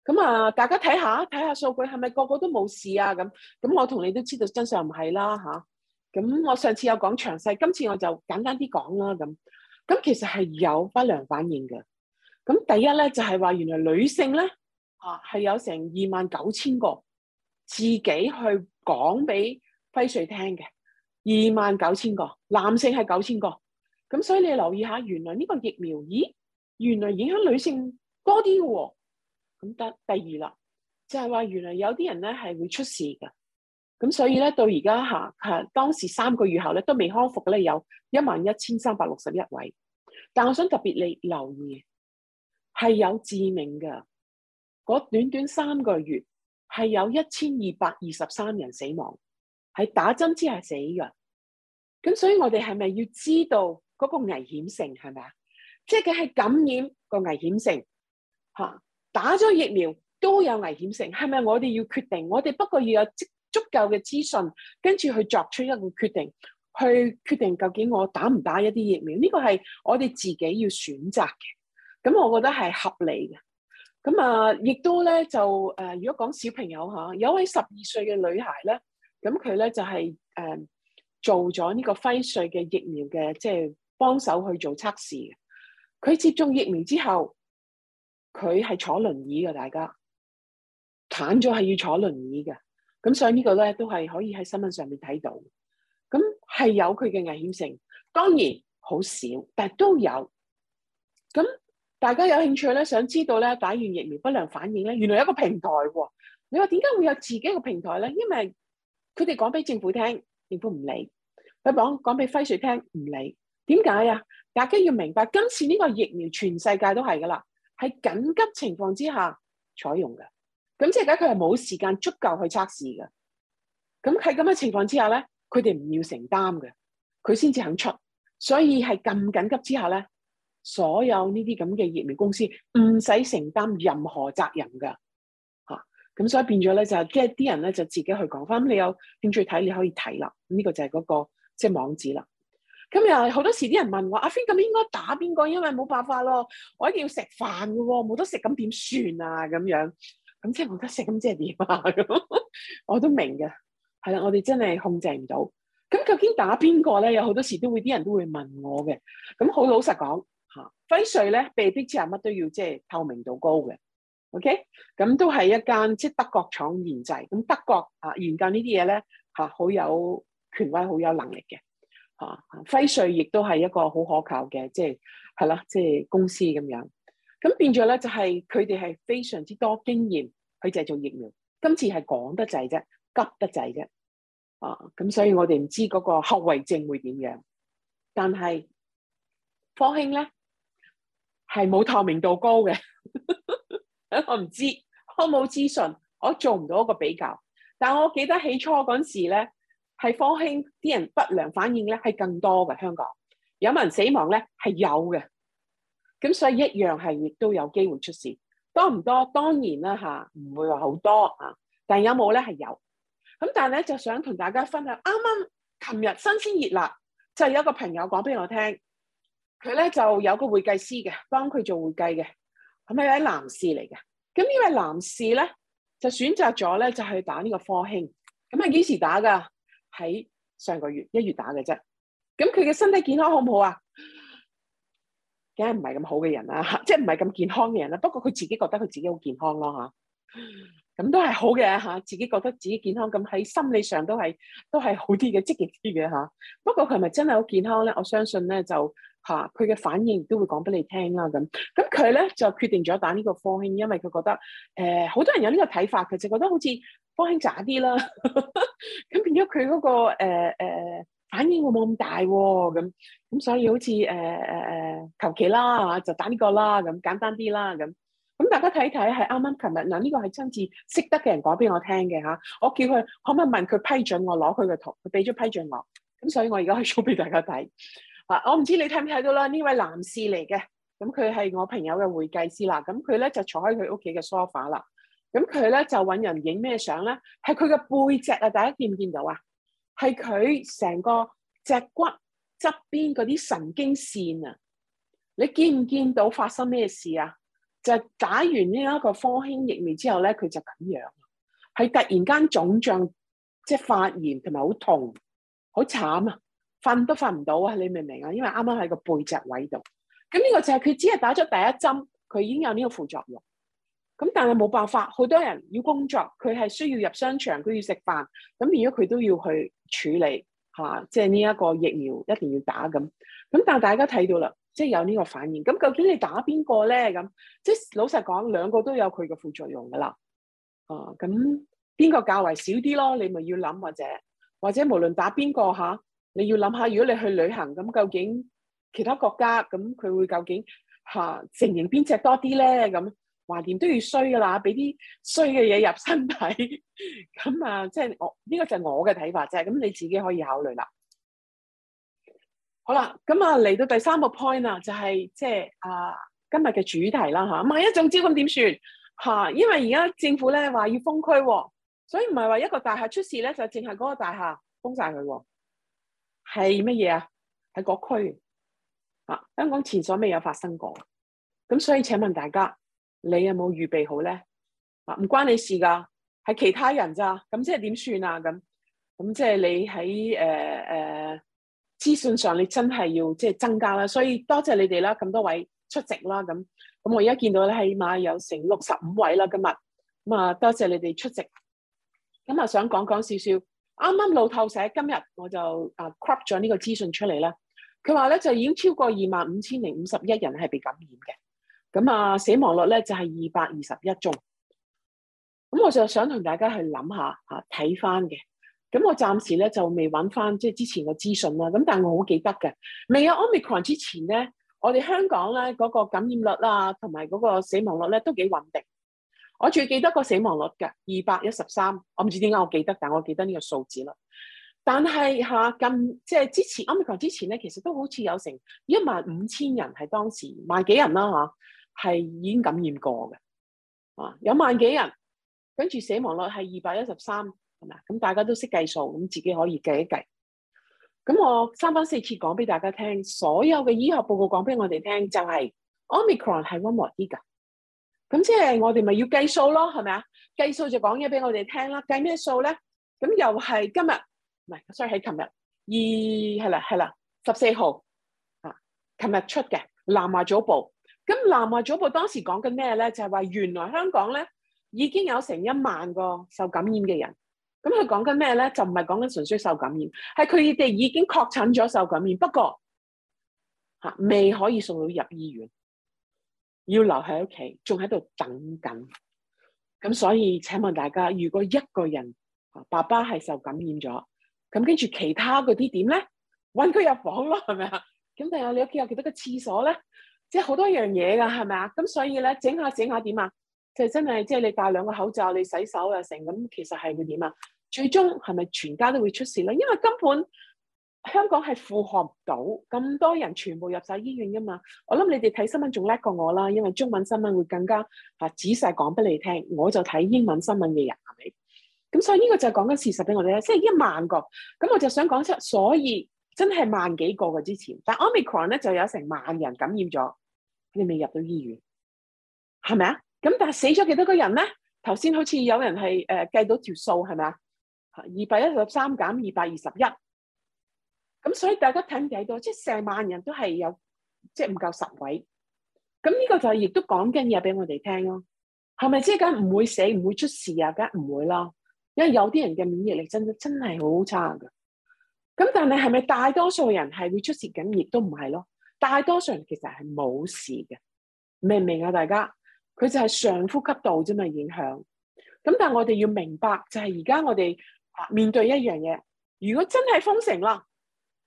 咁啊，大家睇下睇下數據，係咪個個都冇事啊？咁咁，我同你都知道真相唔係啦吓。咁我上次有講詳細，今次我就簡單啲講啦。咁咁，其實係有不良反應嘅。咁第一咧就係話，原來女性咧，啊係有成二萬九千個自己去講俾輝瑞聽嘅，二萬九千個，男性係九千個。咁所以你留意下，原來呢個疫苗，咦，原來影響女性多啲喎，哦。咁得第二啦，就係話原來有啲人咧係會出事嘅，咁所以咧到而家吓吓當時三個月後咧都未康復咧，有一萬一千三百六十一位。但我想特別你留意係有致命嘅，嗰短短三個月係有一千二百二十三人死亡，係打針之下死嘅。咁所以我哋係咪要知道嗰個危險性係咪啊？即係佢係感染個危險性吓。打咗疫苗都有危險性，係咪？我哋要決定，我哋不過要有足夠嘅資訊，跟住去作出一個決定，去決定究竟我打唔打一啲疫苗？呢個係我哋自己要選擇嘅，咁我覺得係合理嘅。咁啊，亦都咧就誒，如果講小朋友吓，有位十二歲嘅女孩咧，咁佢咧就係誒做咗呢個輝瑞嘅疫苗嘅，即係幫手去做測試嘅。佢接種疫苗之後。佢係坐輪椅嘅，大家癱咗係要坐輪椅嘅。咁所以呢個咧都係可以喺新聞上面睇到。咁係有佢嘅危險性，當然好少，但係都有。咁大家有興趣咧，想知道咧打完疫苗不良反應咧，原來有一個平台喎、哦。你話點解會有自己一個平台咧？因為佢哋講俾政府聽，政府唔理；佢講講俾輝瑞聽，唔理。點解啊？大家要明白，今次呢個疫苗全世界都係噶啦。喺緊急情況之下採用嘅，咁即係咧佢係冇時間足夠去測試嘅，咁喺咁嘅情況之下咧，佢哋唔要承擔嘅，佢先至肯出，所以係咁緊急之下咧，所有呢啲咁嘅疫苗公司唔使承擔任何責任嘅，吓，咁所以變咗咧就即係啲人咧就自己去講翻，咁你有興趣睇你可以睇啦，呢個就係嗰個即係網址啦。咁又好多時啲人問我，阿 Frank 咁應該打邊個？因為冇辦法咯，我一定要食飯嘅喎，冇得食咁點算啊？咁樣咁即係冇得食，咁即係點啊？ 我都明嘅，係啦，我哋真係控制唔到。咁究竟打邊個咧？有好多時都會啲人都會問我嘅。咁好老實講，嚇，輝瑞咧，被逼之下，乜都要即係透明度高嘅。OK，咁都係一間即係德國廠研製。咁德國嚇，研究這些東西呢啲嘢咧，嚇，好有權威，好有能力嘅。嚇，輝瑞亦都係一個好可靠嘅，即係係啦，即係、就是、公司咁樣。咁變咗咧，就係佢哋係非常之多經驗，去製造疫苗。今次係講得滯啫，急得滯啫。啊，咁所以我哋唔知嗰個後遺症會點樣。但係科興咧係冇透明度高嘅， 我唔知，我冇資訊，我做唔到一個比較。但我記得起初嗰陣時咧。係科興啲人不良反應咧，係更多嘅。香港有冇人死亡咧？係有嘅，咁所以一樣係亦都有機會出事，多唔多？當然啦吓，唔會話好多啊，但有冇咧？係有，咁但係咧就想同大家分享，啱啱琴日新鮮熱辣，就有一個朋友講俾我聽，佢咧就有個會計師嘅，幫佢做會計嘅，咁係一位男士嚟嘅？咁呢位男士咧就選擇咗咧就去打呢個科興，咁係幾時打㗎？喺上個月一月打嘅啫，咁佢嘅身體健康好唔好，不好的啊？梗係唔係咁好嘅人啦，即係唔係咁健康嘅人啦，啊。不過佢自己覺得佢自己好健康咯、啊、嚇，咁都係好嘅嚇、啊，自己覺得自己健康，咁喺心理上都係都係好啲嘅積極啲嘅嚇。不過佢係咪真係好健康咧？我相信咧就嚇佢嘅反應都會講俾你聽、啊、啦。咁咁佢咧就決定咗打呢個科興，因為佢覺得誒好、呃、多人有呢個睇法，佢就覺得好似。方佢渣啲啦，咁 變咗佢嗰個誒、呃呃、反應會冇咁大喎，咁咁所以好似誒誒誒求其啦嚇，就打呢個啦，咁簡單啲啦，咁咁大家睇睇，係啱啱琴日嗱呢個係親自識得嘅人講俾我聽嘅嚇，我叫佢可唔可以問佢批准我攞佢嘅圖，佢俾咗批准我，咁所以我而家可以 show 俾大家睇。啊，我唔知你睇唔睇到啦，呢位男士嚟嘅，咁佢係我朋友嘅會計師啦，咁佢咧就坐喺佢屋企嘅 sofa 啦。咁佢咧就揾人影咩相咧？係佢嘅背脊啊！大家見唔見到啊？係佢成個脊骨側邊嗰啲神經線啊！你見唔見到發生咩事啊？就打完呢一個科興疫苗之後咧，佢就咁樣，係突然間腫脹，即係發炎同埋好痛，好慘啊！瞓都瞓唔到啊！你明唔明啊？因為啱啱喺個背脊位度。咁呢個就係佢只係打咗第一針，佢已經有呢個副作用。咁但係冇辦法，好多人要工作，佢係需要入商場，佢要食飯，咁而家佢都要去處理嚇，即係呢一個疫苗一定要打咁。咁但係大家睇到啦，即係有呢個反應。咁究竟你打邊個咧？咁即係老實講，兩個都有佢嘅副作用噶啦。啊，咁邊個較為少啲咯？你咪要諗，或者或者無論打邊個嚇，你要諗下，如果你去旅行，咁究竟其他國家咁佢會究竟嚇、啊、承認邊隻多啲咧？咁。懷念都要衰噶啦，俾啲衰嘅嘢入身體，咁 啊，即、就、係、是、我呢、這個就係我嘅睇法啫。咁、就是、你自己可以考慮啦。好啦，咁啊嚟到第三個 point、就是就是、啊，就係即係啊今日嘅主題啦吓、啊。萬一中招咁點算吓？因為而家政府咧話要封區、哦，所以唔係話一個大廈出事咧就淨係嗰個大廈封晒佢，係乜嘢啊？喺各區啊，香港前所未有發生過。咁所以請問大家？你有冇預備好咧？啊，唔關你事噶，係其他人咋？咁即係點算啊？咁咁即係你喺誒誒資訊上，你真係要即係增加啦。所以多謝你哋啦，咁多位出席啦。咁咁我而家見到咧，起碼有成六十五位啦。今日咁啊，多謝你哋出席。咁啊，想講講少少。啱啱路透社今日我就啊 crop 咗呢個資訊出嚟啦。佢話咧就已經超過二萬五千零五十一人係被感染嘅。咁啊，死亡率咧就係二百二十一宗。咁我就想同大家去諗下，吓睇翻嘅。咁我暫時咧就未搵翻即係之前嘅資訊啦。咁、啊、但係我好記得嘅，未有 Omicron 之前咧，我哋香港咧嗰、嗰個感染率啊，同埋嗰個死亡率咧都幾穩定。我最記得個死亡率嘅二百一十三，213, 我唔知點解我記得，但我記得呢個數字啦。但係吓、啊，近即係之前 Omicron 之前咧，其實都好似有成一萬五千人係當時萬幾人啦，吓、啊。係已經感染過嘅，啊有萬幾人，跟住死亡率係二百一十三，係咪啊？咁大家都識計數，咁自己可以計一計。咁我三番四次講俾大家聽，所有嘅醫學報告講俾我哋聽，就係、是、omicron 係溫和啲噶。咁即係我哋咪要計數咯，係咪啊？計數就講嘢俾我哋聽啦。計咩數咧？咁又係今日唔係，sorry 喺琴日二係啦係啦十四號啊，琴日出嘅南華早報。咁南華早報當時講緊咩咧？就係話原來香港咧已經有成一萬個受感染嘅人。咁佢講緊咩咧？就唔係講緊純粹受感染，係佢哋已經確診咗受感染，不過未可以送到入醫院，要留喺屋企，仲喺度等緊。咁所以請問大家，如果一個人爸爸係受感染咗，咁跟住其他嗰啲點咧？搵佢入房咯，係咪啊？咁另外你屋企有幾多個廁所咧？即係好多樣嘢㗎，係咪啊？咁所以咧，整下整下點啊？就係真係即係你戴兩個口罩，你洗手又成咁，其實係會點啊？最終係咪全家都會出事咧？因為根本香港係負荷唔到咁多人，全部入晒醫院噶嘛。我諗你哋睇新聞仲叻過我啦，因為中文新聞會更加嚇仔細講俾你聽。我就睇英文新聞嘅人係咪？咁所以呢個就係講緊事實俾我哋啦，即係一萬個。咁我就想講出，所以。真係萬幾個嘅之前，但 Omicron 咧就有成萬人感染咗，你未入到醫院，係咪啊？咁但死咗幾多個人咧？頭先好似有人係、呃、計到條數，係咪啊？二百一十三減二百二十一，咁所以大家睇唔睇到，即係成萬人都係有，即係唔夠十位。咁呢個就亦都講緊嘢俾我哋聽咯。係咪即係梗唔會死、唔會出事啊？梗唔會咯，因為有啲人嘅免疫力真真係好差㗎。咁但係，係咪大多數人係會出事？咁亦都唔係咯。大多數人其實係冇事嘅，明唔明啊？大家佢就係上呼吸道啫嘛，影響。咁但係我哋要明白，就係而家我哋面對一樣嘢。如果真係封城啦，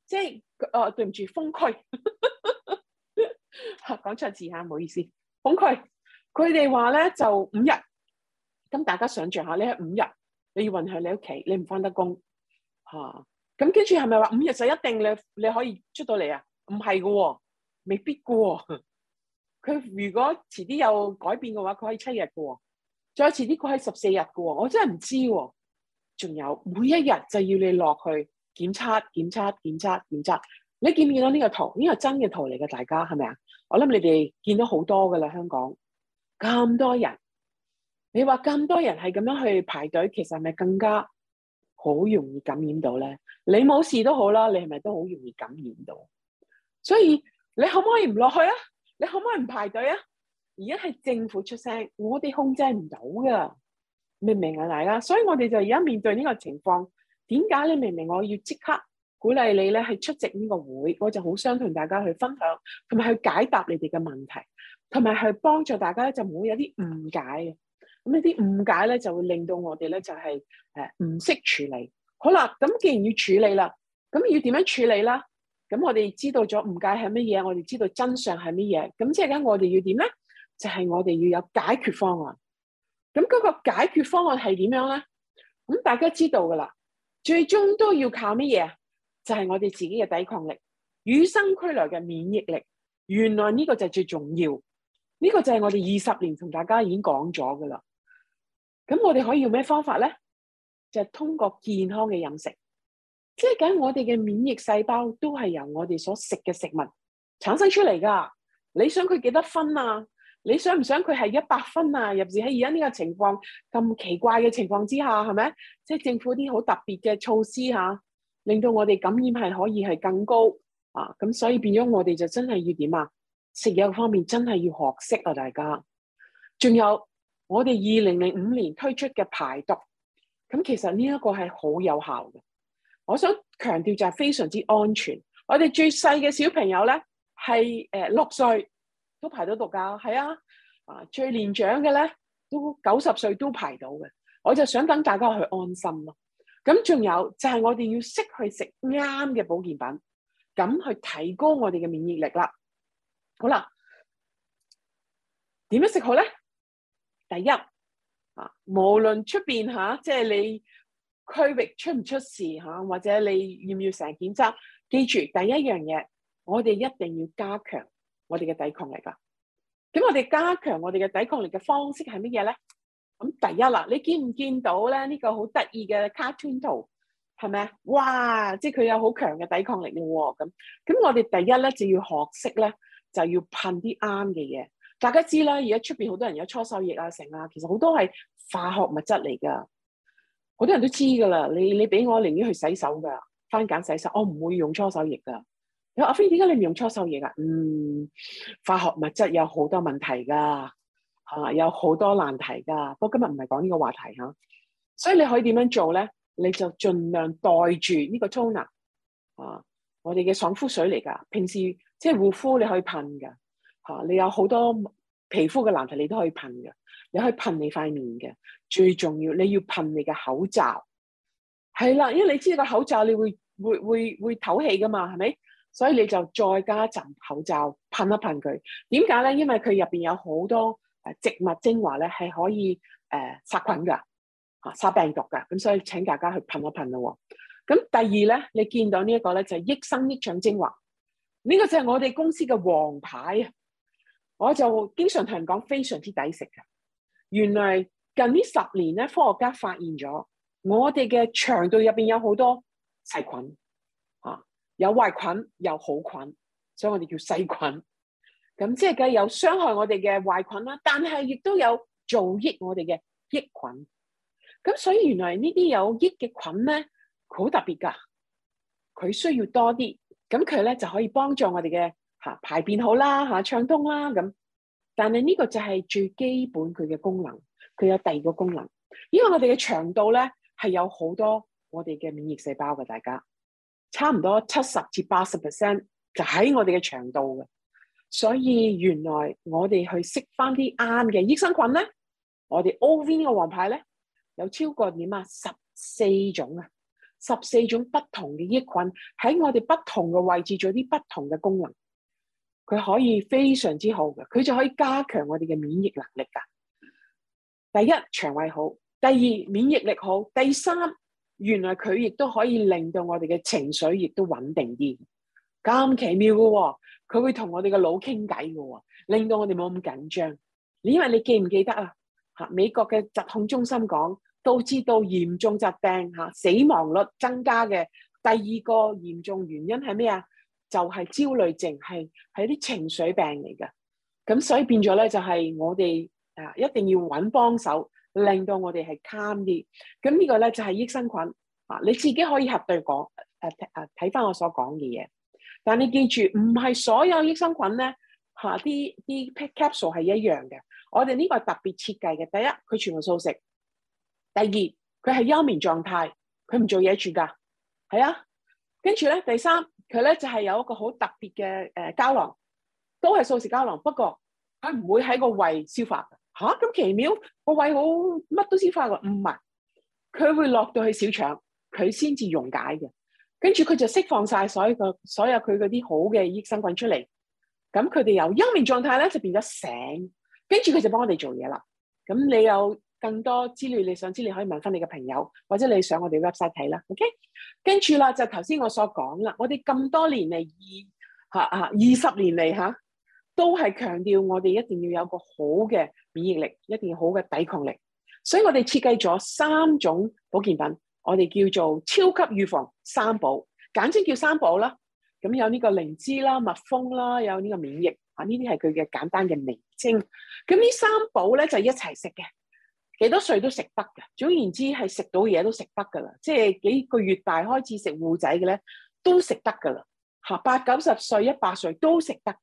即係誒、呃，對唔住，封區吓，講錯字吓，唔好意思，封區。佢哋話咧就五日，咁大家想象下，你係五日，你要困喺你屋企，你唔翻得工吓。啊咁跟住係咪話五日就一定你你可以出到嚟啊？唔係嘅，未必喎哦。佢如果遲啲有改變嘅話，佢可以七日喎哦。再遲啲佢係十四日喎。我真係唔知哦。仲有每一日就要你落去檢測、檢測、檢測、檢測。你見唔見到呢個圖？呢個真嘅圖嚟嘅，大家係咪啊？我諗你哋見到好多㗎啦，香港咁多人，你話咁多人係咁樣去排隊，其實係咪更加好容易感染到咧？你冇事都好啦，你係咪都好容易感染到？所以你可唔可以唔落去啊？你可唔可以唔排隊啊？而家係政府出聲，我哋控制唔到噶，明唔明啊，大家？所以我哋就而家面對呢個情況，點解你明明我要即刻鼓勵你咧，係出席呢個會，我就好想同大家去分享，同埋去解答你哋嘅問題，同埋去幫助大家咧，就唔會有啲誤解嘅。咁呢啲誤解咧，就會令到我哋咧就係誒唔識處理。好啦，咁既然要處理啦，咁要點樣處理啦？咁我哋知道咗誤解係乜嘢，我哋知道真相係乜嘢，咁即係講我哋要點咧？就係我哋要有解決方案。咁嗰個解決方案係點樣咧？咁大家知道噶啦，最終都要靠乜嘢啊？就係我哋自己嘅抵抗力，與生俱來嘅免疫力。原來呢個就係最重要，呢個就係我哋二十年同大家已經講咗噶啦。咁我哋可以用咩方法咧？就係、是、通過健康嘅飲食，即係講我哋嘅免疫細胞都係由我哋所食嘅食物產生出嚟噶。你想佢幾多分啊？你想唔想佢係一百分啊？尤其喺而家呢個情況咁奇怪嘅情況之下，係咪？即、就、係、是、政府啲好特別嘅措施吓，令到我哋感染係可以係更高啊！咁所以變咗我哋就真係要點啊？食嘢方面真係要學識啊！大家，仲有我哋二零零五年推出嘅排毒。咁其實呢一個係好有效嘅，我想強調就係非常之安全。我哋最細嘅小朋友咧，係誒六歲都排到毒噶，係啊！啊最年長嘅咧，都九十歲都排到嘅。我就想等大家去安心咯。咁仲有就係、是、我哋要識去食啱嘅保健品，咁去提高我哋嘅免疫力啦。好啦，點樣食好咧？第一。啊、無論出邊吓，即、啊、係、即係、你區域出唔出事吓、啊，或者你要唔要成日檢測，記住第一樣嘢，我哋一定要加強我哋嘅抵抗力噶。咁我哋加強我哋嘅抵抗力嘅方式係乜嘢咧？咁第一啦，你見唔見到咧？呢、呢個好得意嘅卡通圖係咪啊？哇！即係佢有好強嘅抵抗力嘅喎。咁咁我哋第一咧就要學識咧，就要噴啲啱嘅嘢。大家知啦，而家出邊好多人有搓手液啊，成啊，其實好多係化學物質嚟噶，好多人都知噶啦。你你俾我寧願去洗手噶，番梘洗手，我、哦、唔會用搓手液噶。阿飛，點解你唔用搓手液噶？嗯，化學物質有好多問題噶，啊，有好多難題噶。不過今日唔係講呢個話題吓，所以你可以點樣做咧？你就盡量袋住呢個 Toner 啊，我哋嘅爽膚水嚟噶，平時即係護膚你可以噴噶。你有好多皮膚嘅難題，你都可以噴嘅。你可以噴你塊面嘅，最重要你要噴你嘅口罩。係啦，因為你知道個口罩你會會會會透氣噶嘛，係咪？所以你就再加一層口罩噴一噴佢。點解咧？因為佢入邊有好多植物精華咧，係可以誒殺菌嘅，嚇殺病毒嘅。咁所以請大家去噴一噴咯。咁第二咧，你見到這呢一個咧就係、是、益生益腸精華，呢、這個就係我哋公司嘅王牌。我就經常同人講，非常之抵食嘅。原來近呢十年咧，科學家發現咗我哋嘅腸道入邊有好多細菌，啊，有壞菌有好菌，所以我哋叫細菌。咁即係有傷害我哋嘅壞菌啦，但係亦都有造益我哋嘅益菌。咁所以原來呢啲有益嘅菌咧，好特別噶，佢需要多啲，咁佢咧就可以幫助我哋嘅。吓排便好啦，吓暢通啦咁，但係呢個就係最基本佢嘅功能。佢有第二個功能，因為我哋嘅腸道咧係有好多我哋嘅免疫細胞嘅，大家差唔多七十至八十 percent 就喺我哋嘅腸道嘅。所以原來我哋去識翻啲啱嘅益生菌咧，我哋 O V 呢個王牌咧有超過點啊十四種啊，十四種不同嘅益菌喺我哋不同嘅位置做啲不同嘅功能。佢可以非常之好嘅，佢就可以加強我哋嘅免疫能力噶。第一腸胃好，第二免疫力好，第三原來佢亦都可以令到我哋嘅情緒亦都穩定啲，咁奇妙嘅。佢會同我哋嘅腦傾偈嘅，令到我哋冇咁緊張。你因為你記唔記得啊？吓，美國嘅疾控中心講，導致到嚴重疾病吓死亡率增加嘅第二個嚴重原因係咩啊？就係、是、焦慮症，係係啲情緒病嚟嘅。咁所以變咗咧，就係我哋啊，一定要揾幫手，令到我哋係 calm 啲。咁呢個咧就係益生菌啊，你自己可以核對講啊啊，睇翻我所講嘅嘢。但你記住唔係所有益生菌咧嚇，啲啲 pet capsule 係一樣嘅。我哋呢個係特別設計嘅，第一佢全部素食，第二佢係休眠狀態，佢唔做嘢住㗎，係啊。跟住咧，第三佢咧就係、是、有一個好特別嘅誒膠囊，都係素食膠囊，不過佢唔會喺個胃消化嚇。咁、啊、奇妙，個胃好乜都消化嘅，唔係佢會落到去小腸，佢先至溶解嘅。跟住佢就釋放晒所有的所有佢嗰啲好嘅益生菌出嚟。咁佢哋由休眠狀態咧就變咗醒，跟住佢就幫我哋做嘢啦。咁你有。更多資料你想知，你可以問翻你嘅朋友，或者你上我哋 website 睇啦，OK？跟住啦就頭先我所講啦，我哋咁多年嚟，吓吓二十年嚟，吓，都係強調我哋一定要有一個好嘅免疫力，一定要好嘅抵抗力，所以我哋設計咗三種保健品，我哋叫做超級預防三寶，簡稱叫三寶啦。咁有呢個靈芝啦、蜜蜂啦，有呢個免疫吓，呢啲係佢嘅簡單嘅名稱。咁呢三寶咧就係、一齊食嘅。幾多歲都食得噶，總言之係食到嘢都食得噶啦。即係幾個月大開始食糊仔嘅咧，都食得噶啦。吓，八九十歲、一百歲都食得嘅，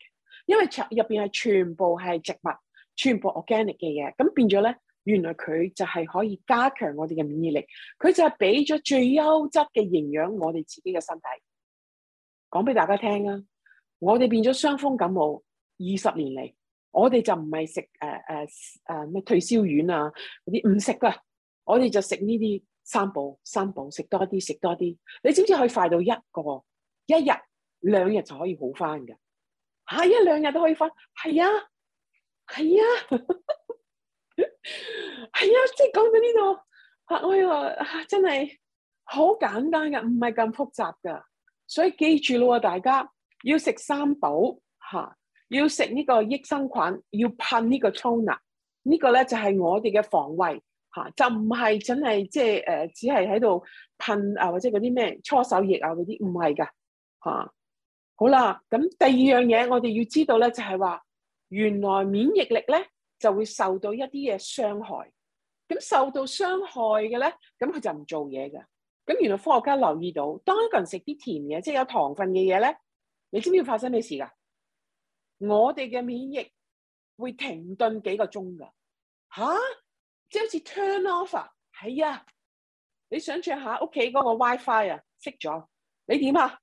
因為入邊係全部係植物，全部 organic 嘅嘢，咁變咗咧，原來佢就係可以加強我哋嘅免疫力，佢就係俾咗最優質嘅營養我哋自己嘅身體。講俾大家聽啊，我哋變咗傷風感冒二十年嚟。我哋就唔係食誒誒誒咩退燒丸啊啲唔食噶，我哋就食呢啲三寶三寶，食多啲食多啲，你知唔知可以快到一個一日兩日就可以好翻噶嚇？一兩日都可以翻，係、 就是、啊，係啊，係啊！即係講緊呢個嚇，我話嚇真係好簡單噶，唔係咁複雜噶，所以記住咯大家要食三寶嚇。啊要食呢個益生菌，要噴呢個沖拿，呢個咧就係我哋嘅防衛吓，就唔係真係即係誒，只係喺度噴啊或者嗰啲咩搓手液啊嗰啲，唔係噶吓。好啦，咁第二樣嘢我哋要知道咧，就係話原來免疫力咧就會受到一啲嘅傷害，咁受到傷害嘅咧，咁佢就唔做嘢㗎。咁原來科學家留意到，當一個人食啲甜嘢，即係有糖分嘅嘢咧，你知唔知發生咩事噶？我哋嘅免疫會停頓幾個鐘噶，吓、啊，即係好似 turn off 啊，係啊，你想住下屋企嗰個 wifi 啊，熄咗，你點啊？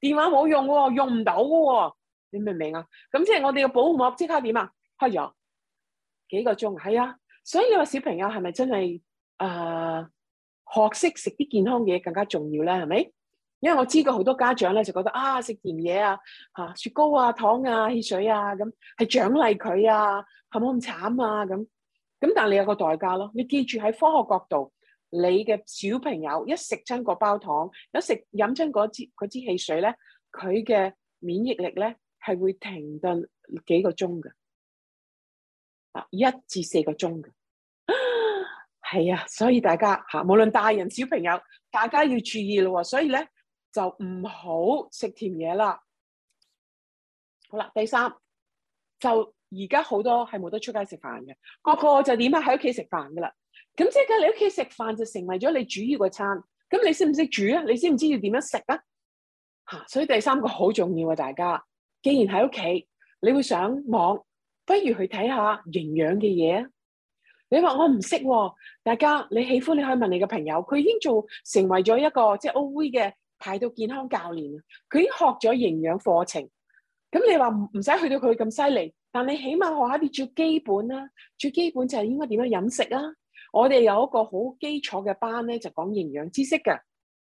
電話冇用喎、哦，用唔到嘅喎，你明唔明啊？咁即係我哋嘅保護膜即刻點啊？開咗幾個鐘，係啊，所以你話小朋友係咪真係誒、呃、學識食啲健康嘢更加重要咧？係咪？因為我知道好多家長咧就覺得啊，食甜嘢啊吓、啊、雪糕啊、糖啊、汽水啊，咁係獎勵佢啊，係咪？咁慘啊，咁咁，但係你有一個代價咯，你記住喺科學角度，你嘅小朋友一食親個包糖，一食飲親嗰支嗰支汽水咧，佢嘅免疫力咧係會停頓幾個鐘㗎啊，一至四個鐘㗎係啊，所以大家吓，無論大人小朋友，大家要注意咯，所以咧。就唔好食甜嘢啦。好啦，第三就而家好多係冇得出街食飯嘅，個個就點解喺屋企食飯噶啦。咁即係你屋企食飯就成為咗你主要嘅餐。咁你識唔識煮啊？你知唔知要點樣食啊？吓，所以第三個好重要啊！大家既然喺屋企，你會上網，不如去睇下營養嘅嘢啊。你話我唔識，啊，大家你喜歡，你可以問你嘅朋友，佢已經做成為咗一個即係 O V 嘅。就是排到健康教練啊，佢已經學咗營養課程，咁你話唔唔使去到佢咁犀利，但你起碼學下啲最基本啦，最基本就係應該點樣飲食啦。我哋有一個好基礎嘅班咧，就講營養知識嘅，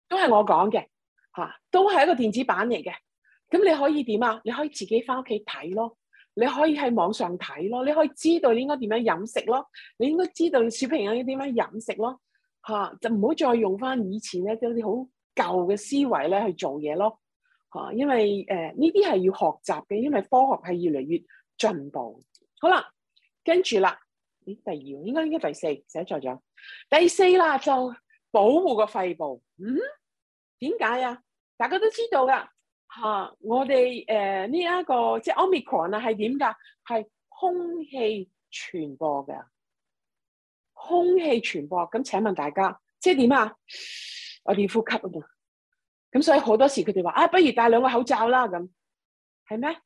都係我講嘅，吓，都係一個電子版嚟嘅。咁你可以點啊？你可以自己翻屋企睇咯，你可以喺網上睇咯，你可以知道你應該點樣飲食咯，你應該知道小朋友應該點樣飲食咯，吓，就唔好再用翻以前咧，好似好。舊嘅思維咧去做嘢咯吓，因為誒呢啲係要學習嘅，因為科學係越嚟越進步。好啦，跟住啦，咦，第二應該應該第四，寫錯咗。第四啦，就保護個肺部。嗯，點解啊？大家都知道噶吓，啊，我哋誒呢一個即係 Omicron 啊，係點噶？係空氣傳播嘅，空氣傳播。咁請問大家，即係點啊？我哋呼吸啊嘛，咁所以好多時佢哋話啊，不如戴兩個口罩啦咁，係咩？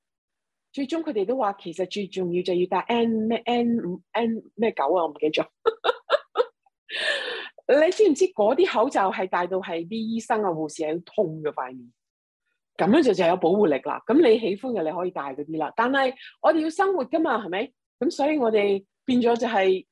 最終佢哋都話其實最重要就要戴 N 咩 N 五 N 咩九啊，我唔記得咗。 你知唔知嗰啲口罩係戴到係啲醫生啊護士係痛嘅塊面？咁樣就就有保護力啦。咁你喜歡嘅你可以戴嗰啲啦，但係我哋要生活噶嘛，係咪？咁所以我哋變咗就係、是、一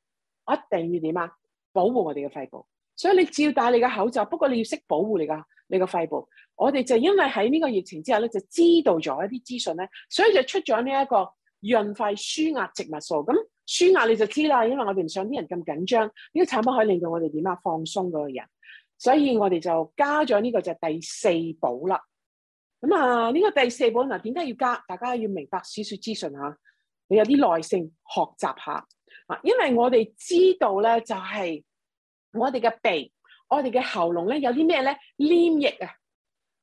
定要點啊？保護我哋嘅肺部。所以你只要戴你嘅口罩，不過你要識保護你個你個肺部。我哋就因為喺呢個疫情之下咧，就知道咗一啲資訊咧，所以就出咗呢一個潤肺舒壓植物素。咁舒壓你就知啦，因為我哋唔想啲人咁緊張。呢個產品可以令到我哋點啊放鬆嗰個人。所以我哋就加咗呢個就第四寶啦。咁啊，呢個第四寶嗱，點解要加？大家要明白少少資訊吓，你有啲耐性學習下啊，因為我哋知道咧就係。我哋嘅鼻、我哋嘅喉嚨咧，有啲咩咧？黏液啊，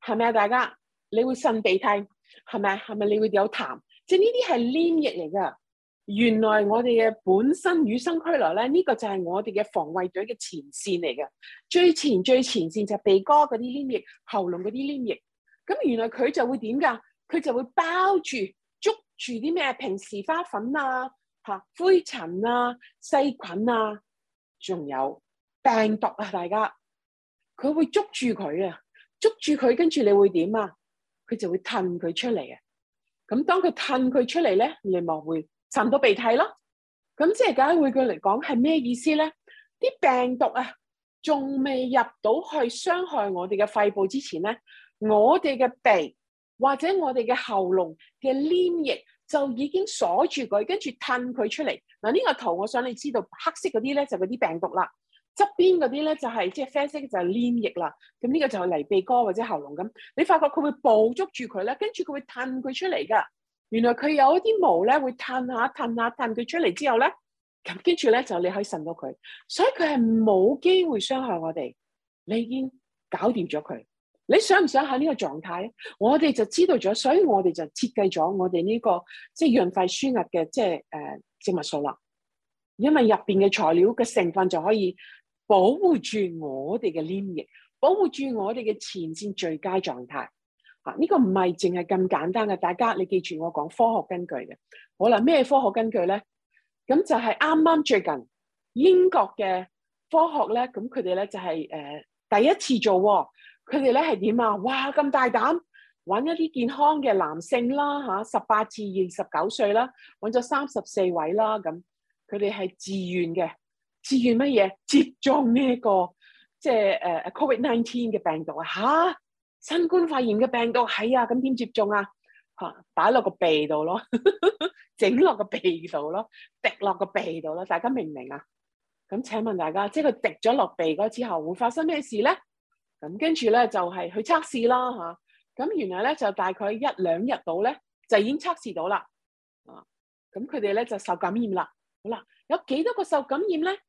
係咪啊？大家，你會擤鼻涕，係咪啊？係咪你會有痰？即係呢啲係黏液嚟噶。原來我哋嘅本身與生俱來咧，呢個就係我哋嘅防衛隊嘅前線嚟嘅，最前最前線就係鼻哥嗰啲黏液、喉嚨嗰啲黏液。咁原來佢就會點噶？佢就會包住、捉住啲咩？平時花粉啊、吓灰塵啊、細菌啊，仲有。病毒啊，大家佢會捉住佢啊，捉住佢，跟住你會點啊？佢就會吞佢出嚟啊。咁當佢吞佢出嚟咧，你咪會沉到鼻涕咯。咁即係點會嘅嚟講係咩意思咧？啲病毒啊，仲未入到去傷害我哋嘅肺部之前咧，我哋嘅鼻或者我哋嘅喉嚨嘅黏液就已經鎖住佢，跟住吞佢出嚟嗱。呢個圖我想你知道，黑色嗰啲咧就嗰啲病毒啦。側邊嗰啲咧就係即係啡色，就係黏液啦。咁呢個就係鼻鼻哥或者喉嚨咁。你發覺佢會捕捉住佢咧，跟住佢會噴佢出嚟噶。原來佢有一啲毛咧會噴下噴下噴佢出嚟之後咧，咁跟住咧就你可以滲到佢。所以佢係冇機會傷害我哋。你已經搞掂咗佢。你想唔想喺呢個狀態咧？我哋就知道咗，所以我哋就設計咗我哋呢、這個即係、就是、潤肺舒壓嘅即係誒植物素啦。因為入邊嘅材料嘅成分就可以。保護住我哋嘅黏液，保護住我哋嘅前線最佳狀態。吓、啊，呢、這個唔係淨係咁簡單嘅，大家你記住我講科學根據嘅。好啦，咩科學根據咧？咁就係啱啱最近英國嘅科學咧，咁佢哋咧就係、是、誒、呃、第一次做的，佢哋咧係點啊？哇，咁大膽，揾一啲健康嘅男性啦吓，十、啊、八至二十九歲啦，揾咗三十四位啦，咁佢哋係自願嘅。至於乜嘢？接種呢、這個即係誒、呃、Covid Nineteen 嘅病毒啊！嚇，新冠肺炎嘅病毒係啊，咁、哎、點接種啊？嚇、啊，擺落個鼻度咯，整落個鼻度咯，滴落個鼻度咯，大家明唔明啊？咁請問大家，即係佢滴咗落鼻嗰之後會發生咩事咧？咁跟住咧就係、是、去測試啦嚇。咁、啊、原來咧就大概一兩日到咧就已經測試到啦。啊，咁佢哋咧就受感染啦。好啦，有幾多個受感染咧？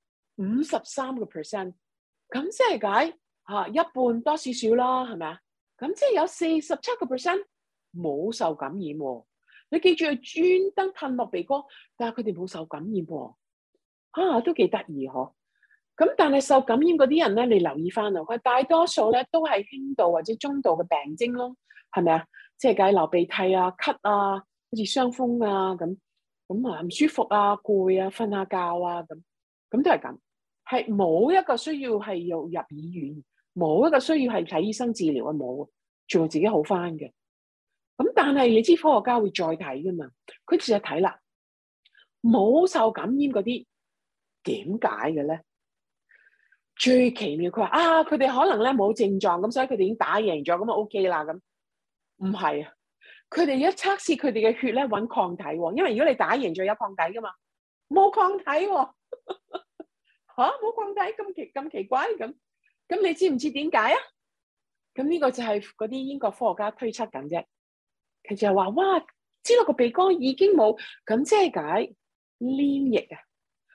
五十三個 percent，咁即係解嚇一半，一半多少少啦，係咪啊？咁即係有四十七個 percent 冇受感染喎。你記住，專登噴落鼻哥，但係佢哋冇受感染喎。啊，都幾得意呵！咁但係受感染嗰啲人咧，你留意翻啊，佢大多數咧都係輕度或者中度嘅病徵咯，係咪啊？即係解流鼻涕啊、咳啊、好似傷風啊咁，咁啊唔舒服啊、攰啊、瞓下覺啊咁，咁都係咁。係冇一個需要係要入醫院，冇一個需要係睇醫生治療嘅，冇啊，仲要自己好翻嘅。咁但係你知科學家會再睇噶嘛？佢次日睇啦，冇受感染嗰啲點解嘅咧？最奇妙佢話啊，佢哋可能咧冇症狀，咁所以佢哋已經打贏咗，咁就 O K 啦。咁唔係，佢哋一測試佢哋嘅血咧，搵抗體、哦，因為如果你打贏咗有抗體噶嘛，冇抗體、哦。 吓、啊，冇逛睇，咁奇咁奇怪咁，咁你知唔知點解啊？咁呢個就係嗰啲英國科學家推測緊啫。佢就係話，哇，知道個鼻哥已經冇，咁即係解黏液啊！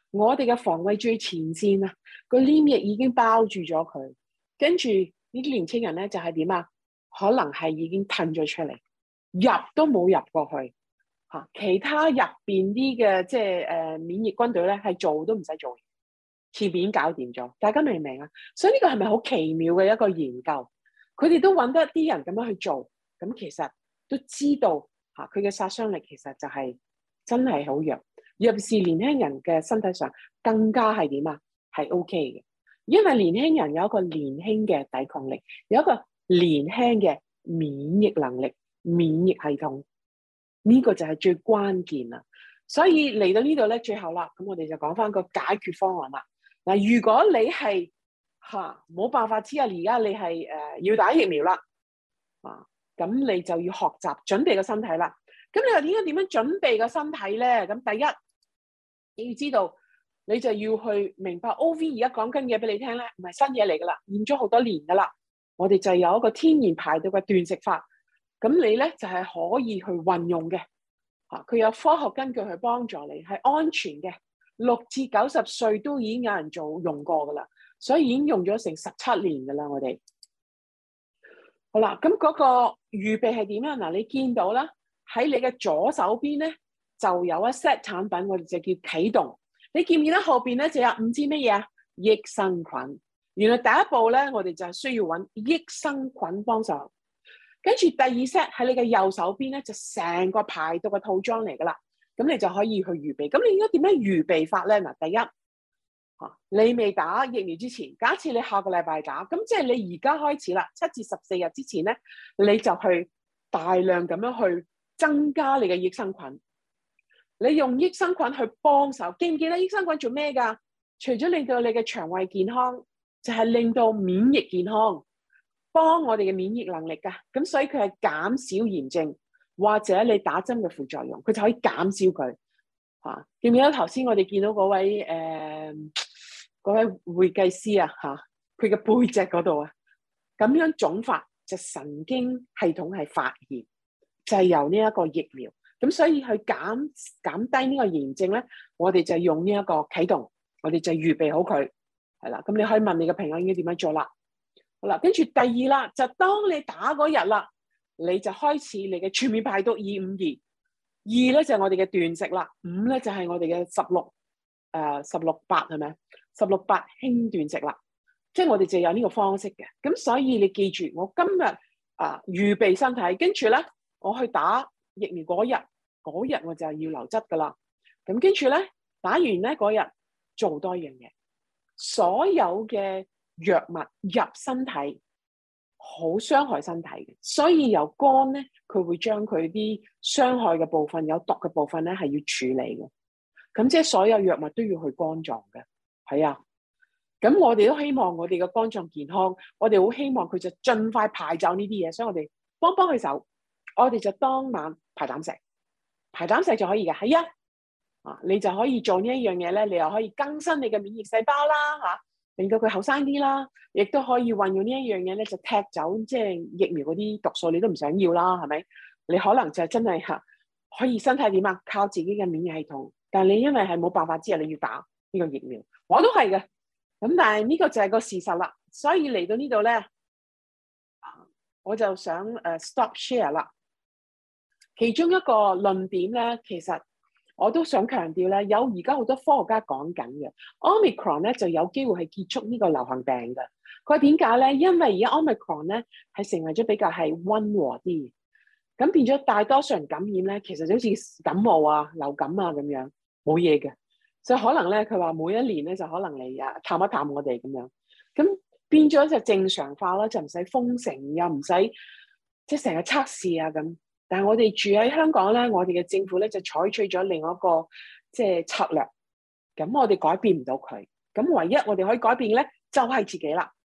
我哋嘅防衛最前線啊，個黏液已經包住咗佢，跟住呢啲年青人咧就係點啊？可能係已經褪咗出嚟，入都冇入過去吓、啊。其他入邊啲嘅即係誒，免疫軍隊咧係做都唔使做的。切片搞掂咗，大家明唔明啊？所以呢個係咪好奇妙嘅一個研究？佢哋都揾到一啲人咁樣去做，咁其實都知道吓，佢嘅殺傷力其實就係真係好弱。尤其是年輕人嘅身體上更加係點啊？係 OK 嘅，因為年輕人有一個年輕嘅抵抗力，有一個年輕嘅免疫能力、免疫系統，呢個就係最關鍵啦。所以嚟到呢度咧，最後啦，咁我哋就講翻個解決方案啦。嗱，如果你係嚇冇辦法知啊，而家你係誒、呃、要打疫苗啦，啊，咁你就要學習準備個身體啦。咁你又應該點樣準備個身體咧？咁第一，你要知道，你就要去明白 O V 而家講緊嘢俾你聽咧，唔係新嘢嚟噶啦，練咗好多年噶啦。我哋就有一個天然排毒嘅斷食法，咁你咧就係、是、可以去運用嘅，嚇、啊、佢有科學根據去幫助你，係安全嘅。六至九十歲都已經有人做用過噶啦，所以已經用咗成十七年噶啦，我哋好啦。咁嗰個預備係點樣？嗱，你見到啦，喺你嘅左手邊咧就有一 set 產品，我哋就叫啟動。你見唔見咧後邊咧就有五支乜嘢益生菌？原來第一步咧，我哋就係需要揾益生菌幫手。跟住第二 set 喺你嘅右手邊咧，就成個排毒嘅套裝嚟噶啦。咁你就可以去預備。咁你應該點樣預備法咧？嗱，第一吓你未打疫苗之前，假設你下個禮拜打，咁即係你而家開始啦，七至十四日之前咧，你就去大量咁樣去增加你嘅益生菌。你用益生菌去幫手，記唔記得益生菌做咩噶？除咗令到你嘅腸胃健康，就係令到免疫健康，幫我哋嘅免疫能力噶。咁所以佢係減少炎症。或者你打針嘅副作用，佢就可以減少佢嚇。見唔見到頭先我哋見到嗰位誒、呃、位會計師啊嚇，佢嘅背脊嗰度啊，咁樣腫法，就神經系統係發炎，就係、是、由呢一個疫苗。咁所以去減減低呢個炎症咧，我哋就用呢一個啟動，我哋就預備好佢係啦。咁你可以問你嘅朋友應該點樣做啦。好啦，跟住第二啦，就當你打嗰日啦。你就開始你嘅全面排毒二五二，二咧就係我哋嘅斷食啦，五咧就係我哋嘅十六，誒十六八係咪？十六八輕斷食啦，即係我哋就有呢個方式嘅。咁所以你記住，我今日啊預備身體，跟住咧我去打疫苗嗰日，嗰日我就要留質噶啦。咁跟住咧打完咧嗰日做多樣嘢，所有嘅藥物入身體。好傷害身體嘅，所以由肝咧，佢會將佢啲傷害嘅部分，有毒嘅部分咧，係要處理嘅。咁即係所有藥物都要去肝臟嘅，係啊。咁我哋都希望我哋嘅肝臟健康，我哋好希望佢就盡快排走呢啲嘢，所以我哋幫幫佢手。我哋就當晚排膽石，排膽石就可以嘅，係啊。啊，你就可以做呢一樣嘢咧，你又可以更新你嘅免疫細胞啦，吓。令到佢後生啲啦，亦都可以運用呢一樣嘢咧，就踢走即係、就是、疫苗嗰啲毒素，你都唔想要啦，係咪？你可能就真係嚇可以身體點啊？靠自己嘅免疫系統，但係你因為係冇辦法之下，係你要打呢個疫苗，我都係嘅。咁但係呢個就係個事實啦。所以嚟到呢度咧，我就想誒 stop share 啦。其中一個論點咧，其實～我都想強調咧，有而家好多科學家講緊嘅 Omicron 咧就有機會係結束呢個流行病㗎。佢點解咧？因為而家 Omicron 咧係成為咗比較係溫和啲，咁變咗大多數人感染咧，其實就好似感冒啊、流感啊咁樣冇嘢嘅，所以可能咧佢話每一年咧就可能嚟啊探一探我哋咁樣，咁變咗就正常化啦，就唔使封城又唔使即係成日測試啊咁。但係我哋住喺香港咧，我哋嘅政府咧就採取咗另一個即係、就是、策略。咁我哋改變唔到佢。咁唯一我哋可以改變咧，就係自己啦。